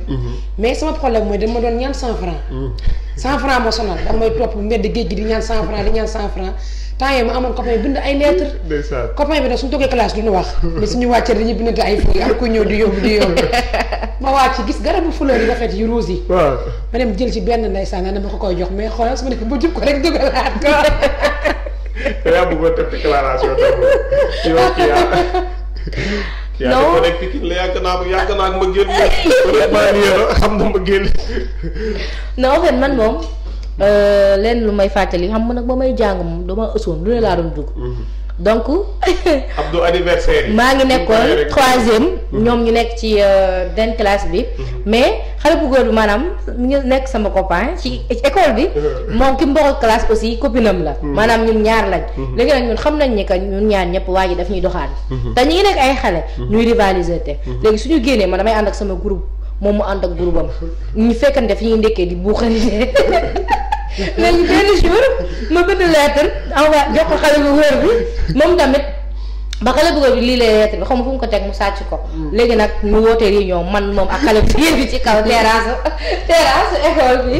mais sama problème mooy dama doon ñaan cent franc. cent franc ma sonal damay topp mbedd géej gi di ñaan cent franc di ñaan cent franc. temps yii ma amoon copain bind ay lettres. ndeysaan copain bi nag suñu toogee classe duñu wax. mais suñu wàccee dañuy bindante ay feuilles am kuy ñëw di yóbbu di yóbbu <laughs> ma wàcc gis garabu fleur yi rafet yu rose yi. ma dem jël ci benn ndeysaan na ma ko koy jox mais xoolal su ma nekk ba jub ko rek dugalaat ko. <laughs> yaa bëggoon def déclaration d' amour non yaa ko la yàgg naa ko yàgg naa ko ma génn. vraiment nii man moom. Euh, leen lu may fàttali xam nga nag ba may jàng moom dama ësoon lu ne laa doon dugg. Mhm. donc. <laughs> Abdou maa ngi nekkoon troisième. Mhm. ñoom ñu nekk ci euh, benn classe bi. Mhm. mais xale bu góor bi maanaam mu ngi nekk sama copain ci école bi. Euh. moom ki mboq classe aussi copinam la. maanaam ñun ñaar lañ. léegi nag ñun xam nañ ni que ñun ñaar ñëpp waa ji daf ñuy doxaan. te ñu ngi nekk ay xale. ñuy rivaliser te. léegi suñu génnee man damay ànd ak sama groupe moom mu ànd ak groupe am ñu fekkante fi ñuy ndekkee di buuxante. <laughs> léegi benn jour ma bind lettre envoyé jox ko xale bu wér bi moom tamit. ba xale bu góor bi lii lay lettre bi xam nga ko teg mu sàcc ko. Mm. léegi nag ñu woote réunion man moom ak xale bu bi ci kaw <laughs> terrasse terrasse école bi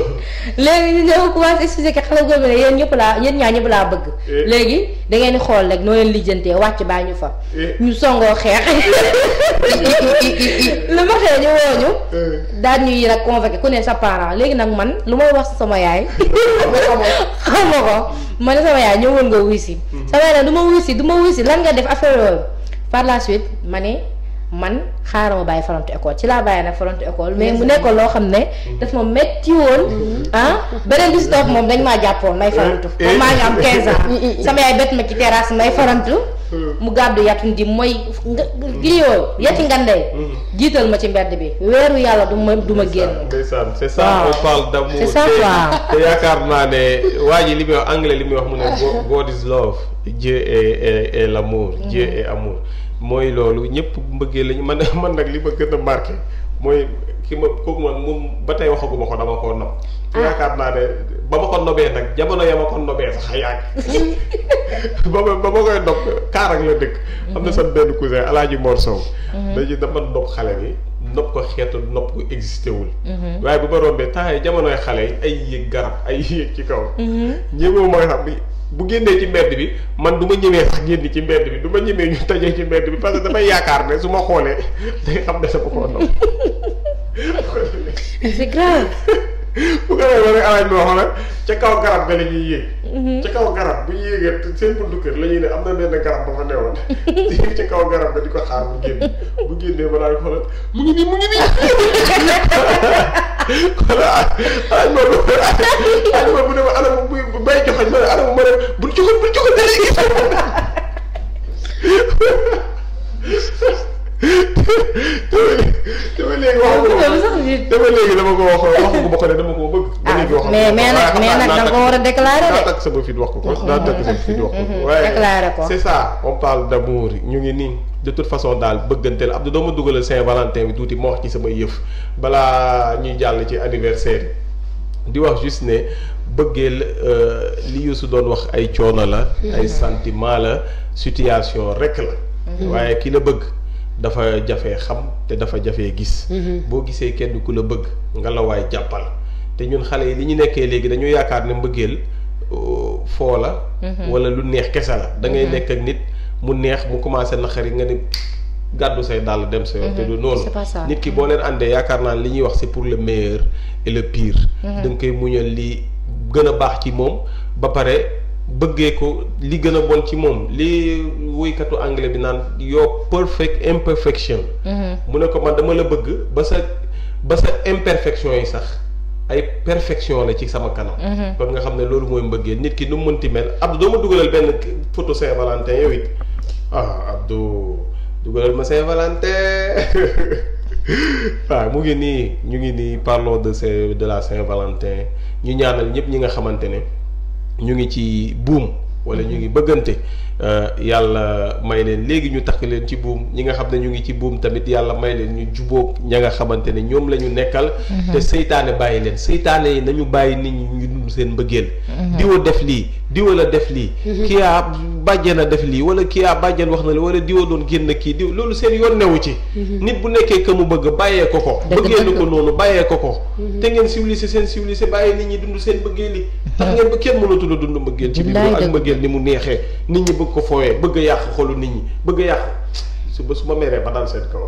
léegi ñu ñëw commencé expliqué que xale bu góor bi ne yéen ñëpp laa bëgg. Eh. léegi da ngeen di xool rek noo leen lijjantee wàcc baa ñu fa. Eh. ñu songoo xeex. <laughs> lu ma xee eh. ku ne sa parent léegi nag man lu may wax sama yaay. xam nga ko <laughs> ma sama yaay ñëwoon nga wuy si. Mm-hmm. sama yaay nag du wuy si du wuy si lan nga def affaire après euh, loolu par la suite ma ni man xaaral ma bàyyi Fronte école ci laa bàyyi nag Fronte école mais mu nekkoon loo xam ne daf ma métti woon mm-hmm. ah beneen bi si moom dañ ma jàppoon may farantu eh, eh. moom maa ngi am 15 ans <laughs> sama yaay bett ma ci terrasse may farantu hmm. mu gàddu yatun di mooy griyoo yati ngandee hmm. jiital ma ci mbedd bi weeru yàlla du ma du ma génn ndeysaan c'est ça on parle d'amour te yaakaar naa ne waa ji li muy wax anglais li muy wax mu ne God is love Dieu a est l'amour a mm-hmm. est amour mooy loolu ñëpp mbëggee lañu man <laughs> man nag li ma gën a marqué mooy ki ma kooku man moom ba tey waxaguma ko dama koo nob ah. yaakaar naa ne ba ma ko nobee nag jamono ya ma ko nobee sax yàgg <laughs> ba ma ba ma koy nob kaarak la dëkk am na mm-hmm. sama benn cousin Alaaji Mor Sow mm-hmm. dañu dama nob xale bi nopp ko xeetu nopp ko existé waaye bu ma rombee temps yi xale yi ay yéeg garab ay yéeg ci kaw. ñebe mooy xam ni bu génnee ci mbedd bi man du ma ñemee sax génn ci mbedd bi du ma ñemee ñu tajee ci mbedd bi parce que damay yaakaar ne su ma xoolee day xam ne sama koo noonu. c'est grave. bu ko nag ca kaw garab ba la ñuy yéeg. Mhm. ca kaw garab bu ñu yéegee seen buntu kër la ñuy ne am na benn garab ba ma newoon. di <laughs> yéeg ca kaw garab ga di ko xaar bu génn bu génnee balaa ñu xoolal mu ngi nii mu ngi nii. <laughs> voilà alal ma bu alal ma bu ne ma alal ma buy bay joxañ ma ne alal ma ma bu bul joxul bul joxul léegi. dama léegi wax nga dama léegi dama ko wax waxu ma ko ne dama koo bëgg. ba ko war a ko ko daa ko c'est ça on parle ñu ngi nii. de toute façon daal bëggante la Abdou doo ma dugalal Saint-Valentin bi tuuti ma wax ci sama yëf balaa ñuy jàll ci anniversaire yi di wax juste ne bëggeel euh, li Youssou doon wax ay coono la. ay mhm. sentiment la situation rek la. Mhm. waaye ki la bëgg. dafa jafe xam te dafa jafe gis. Mhm. boo gisee kenn ku la bëgg nga la waay jàppal te ñun xale yi li ñu nekkee léegi dañu yaakaar ne mbëggeel euh, foo la. wala lu neex kese la da ngay nekk ak nit. mu neex mu commencé naqari nga ni gàddu say dàll dem sa yoon. te du mhm. noonu nit ki boo leen àndee yaakaar naa li ñuy wax c'est pour le meilleur et le piir mhm. da nga koy muñal li gën a baax ci moom ba pare. bëggee ko li gën a bon ci moom li woykatu anglais bi naan your perfect imperfection mhm. mu ne ko man dama la bëgg ba sa ba sa imperfection yi sax ay perfection la ci sama kanam kon nga xam ne loolu mooy mbëggee nit ki nu mu ti mel ab doo ma dugalal benn photo Saint ah Abdou dugalal ma Saint-Valentin <laughs> ah, mu ngi nii ñu ngi nii parlons de ce de la Saint-Valentin ñu ñaanal ñëpp ñi nga xamante ne ñu ngi ci buum wala ñu ngi bëggante Euh, yàlla may leen léegi ñu takk leen ci buum ñi nga xam ne ñu ngi ci buum tamit yàlla may leen ñu jubóob ña nga xamante ne ñoom la ñu nekkal. Mhm. te seytaane bàyyi leen seytaane yi nañu bàyyi nit ñi ñu seen mbëggeel. Mhm. diwa def lii diwa la def lii. Mhm. kii a bàjjen def lii wala kii a bàjjen wax na li wala diwa doon génn kii diw loolu seen yoon newu ci. nit bu nekkee mu bëgg bàyyee ko ko. bëggee ko noonu bàyyee ko ko. te ngeen civilisé seen civilisé bàyyi nit ñi dund seen mbëggeel yi. tax ngeen ba kenn mënatul a dund mbëggeel ci biir ak mbëggeel ni mu neexee nit ñi bëgg ko fooyee bëgg a yàq xolu nit ñi bëgg a su ba su ma meree ba dal seet kaw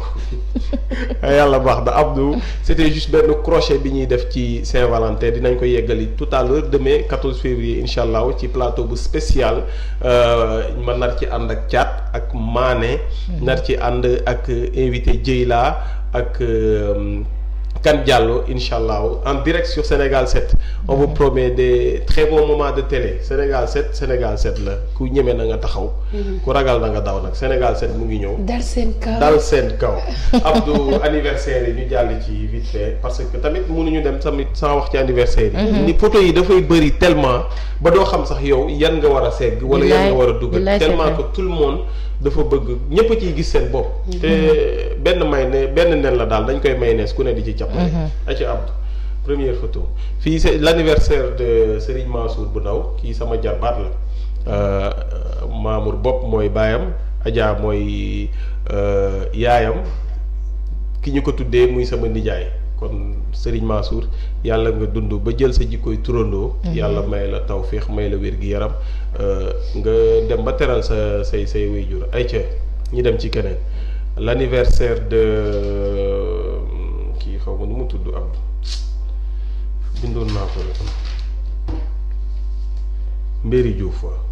<laughs> yàlla baax na Abdou c'était juste benn crochet bi ñuy def ci Saint-Valentin dinañ ko yeggali tout à l'heure demain 14 février incha allah ci plateau bu spécial euh, ma nar ci ànd ak Thiat ak Mané mm-hmm. nar ci ànd ak invité Dieyla ak. Euh, Kan Diallo incha allah en direct sur Sénégal set on vous promet des très bons moments de télé Sénégal set Sénégal 7 la ku ñeme na nga taxaw. ku ragal na nga daw nag Sénégal 7 mu ngi ñëw. dal seen kaw dal seen kaw. Abdou anniversaire yi ñu jàll ci vite parce que tamit ñu dem tamit sans wax ci anniversaire yi. Mhm. ni photo yi dafay bëri tellement ba doo xam sax yow yan nga war a segg. wala yan nga war a dugal tellement que tout le monde. dafa bëgg ñëpp ciy gis seen bopp. te benn may ne benn nen la daal dañ koy maynees ku ne di ci jàppale. Mhm. a ci abd première photo fii c'est l'anniversaire de Serigne Mansour bu ndaw kii sama jarbaat la euh, Mamour bopp mooy baayam Adja mooy euh, yaayam ki ñu ko tuddee muy sama nijaay kon Serigne Mansour yàlla nga dund ba jël sa jikkoy turandoo. Mhm. yàlla may la tawféex may la wér gi yaram. Euh, nga dem ba teral sa say say waajur ay ca ñu dem ci keneen l'anniversaire de kii xaw ma nu mu tudd am bindoon naa ko Mbéri Diouf waaw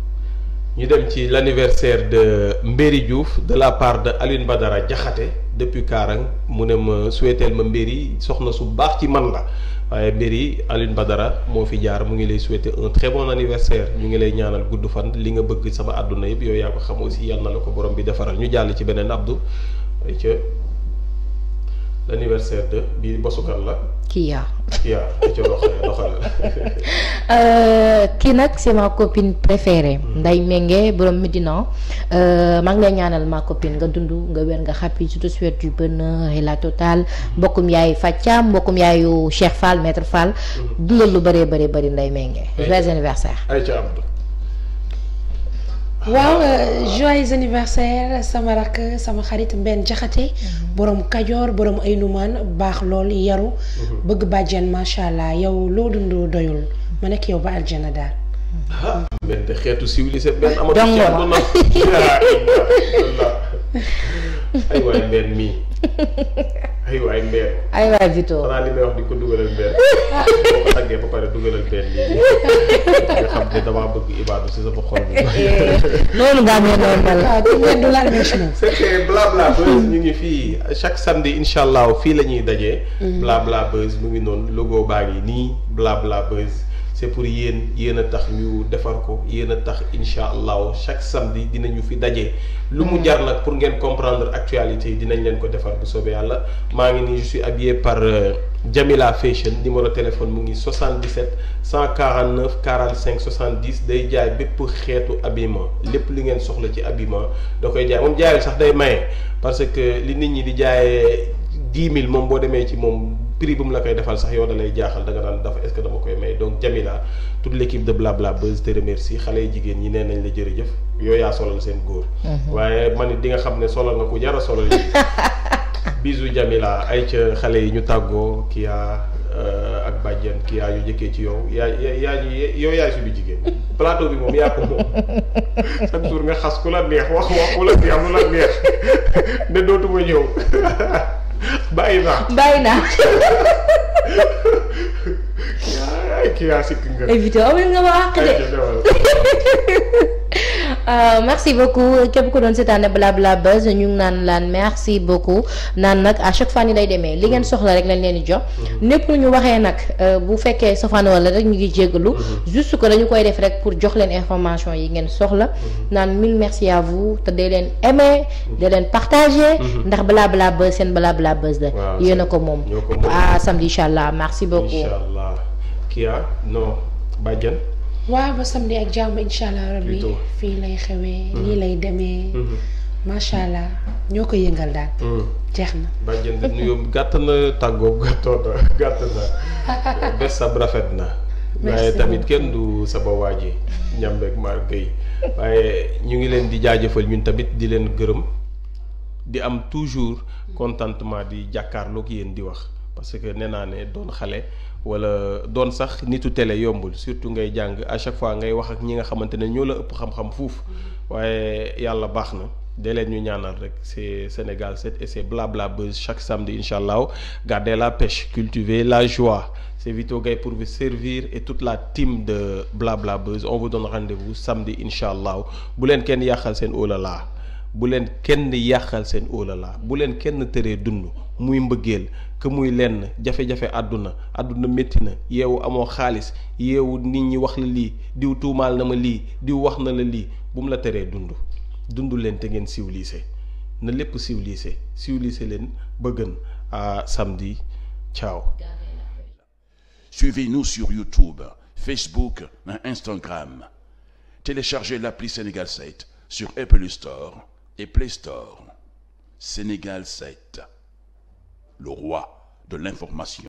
ñu dem ci l' anniversaire de Mbéri Diouf de la part de Aline Badara Diakhaté depuis Kaarang mu ne ma souhaiteel ma Mbéri soxna su baax ci man la waaye Mbéri Aline Badara moo fi jaar mu ngi lay souhaiter un très bon anniversaire ñu ngi lay ñaanal gudd fan li nga bëgg sama àdduna yëpp yow yaa ko xam aussi yal na la ko borom bi defaral ñu jàll ci beneen Abdou ca l' de bii bosukan la. Kia. Kia <laughs> eh, kii nag c'est ma copine préférée. Hmm. Ndeye Menge borom Medina eh, maa ngi lay ñaanal ma copine nga dund nga wér nga happy je te souhaite du bonheur hmm. mbokkum yaayu Fathiam mbokkum yaayu Cheikh Fall maître Fall. Hmm. dundal lu bëree bëri bëri Ndeye Menge. joyeux anniversaire. waaw euh, joyeux anniversaire sama rakk sama xarit mbenn Jaxate mhm. borom Kajoor borom ay numaan baax lool yaru mhm. bëgg bàjjen macha allah yow loo dund doyul ma nekk yow ba aljana daal. ah ay waay Mbène <laughs> mii. <laughs> ay mbeer ay waay Vito xanaa li may wax di ko dugalal mbeer <laughs> boo ko tàggee ba pare dugalal mbeer lii nga xam ne damaa bëgg ibaadu si sama xol bi <laughs> noonu nga amee normal waaw ah, du mbeer du la si moom c'est bla bla buzz ñu ngi fii chaque samedi incha fii la ñuy dajee mm-hmm. bla bla buzz mu ngi noonu logo baa ngi nii bla bla buzz c'est pour yéen yéen a tax ñu defar ko yéen a tax incha allahu chaque samedi dinañu fi daje. lu mu mm-hmm. jar nag pour ngeen comprendre actualité yi dinañ leen ko defar bu soobee yàlla maa ngi nii je suis habillé par euh, Jamila Fashion numéro téléphone mu ngi 77 149 45 70 day jaay bépp xeetu habillement lépp li ngeen soxla ci habillement da koy jaay moom jaayul sax day maye parce que li nit ñi di jaaye 10 000 moom boo demee ci moom. prix bu mu la koy defal sax yow da lay jaaxal da nga naan dafa est-ce que dama koy may donc Jamila toute l'équipe de Blabla Buzz te remercie xale yu jigéen ñi nee nañ la jërëjëf a yaa solal seen góor. Mhm. waaye man it di nga xam ne solal nga <laughs> euh, ci yow yaa yaa yow yaay suñu jigéen plateau bi moom yaa ko moom <laughs> chaque jour nga xas ku la neex wax wax ku la neex lu la neex <laughs> ne dootuma ñëw. bàyyi naa bàyyi naa. <laughs> nga. éviter nga <laughs> Euh, merci beaucoup képp ko doon seetaan Blabla Buzz ñu ngi naan laan merci beaucoup naan nag à chaque fois ni day demee li ngeen soxla rek lañ leen di jox. népp mhm. lu ñu waxee nag euh, bu fekkee sofaan wala rek ñu ngi jéggalu mhm. juste que dañu koy def rek pour jox leen information yi ngeen soxla. Mhm. naan mille merci à vous te day leen aimer. day leen partager. ndax Blabla Buzz seen Blabla Buzz la. waaw yéen a ko moom. ñoo ko moom allah merci beaucoup. incha allah Kia non Badiane waaw ba samedi ak jàmm incha allah rabbi fii lay xewee mm-hmm. nii lay demee. Mm-hmm. macha allah ñoo ko yëngal daal. Mm-hmm. jeex na. bàjjen nuyoo gàtt na tàggoo gàtt na <laughs> bés sab rafet na. waaye tamit kenn du saba waaji ñambeeg maar gay waaye ñu ngi leen di jaajëfal ñun tamit di leen gërëm di am toujours contentement di jàkkaarloog yéen di wax parce que nee naa ne doon xale. wala doon sax nitu télé yombul surtout ngay jàng à chaque fois ngay wax ak ñi nga xamante ne ñoo la ëpp xam-xam fuuf mm-hmm. waaye yàlla baax na de leen ñu ñaanal rek c'est Sénégal 7 et c'est blabla buzz chaque samedi incha allah gardez la pêche cultivez la joie c'est Vito Gay pour vous servir et toute la team de blabla buzz on vous donne rendez-vous samedi incha allah bu leen kenn yàqal seen olala oh bu leen kenn yàqal seen olala oh bu leen kenn tëree dund muy mbëggeel que muy lenn jafe-jafe àdduna àdduna métti na yeewu amoo xaalis yeewu nit ñi wax la lii diw tuumaal na ma lii diw wax na la lii bu mu la teree dund dundu leen te ngeen civilisé na lépp civilisé civilisé leen ba gën samdi samedi ciao. Suivez-nous sur YouTube, Facebook et Instagram. Téléchargez l'appli Sénégal 7 sur Apple Store et Play Sénégal 7. le roi de l'information.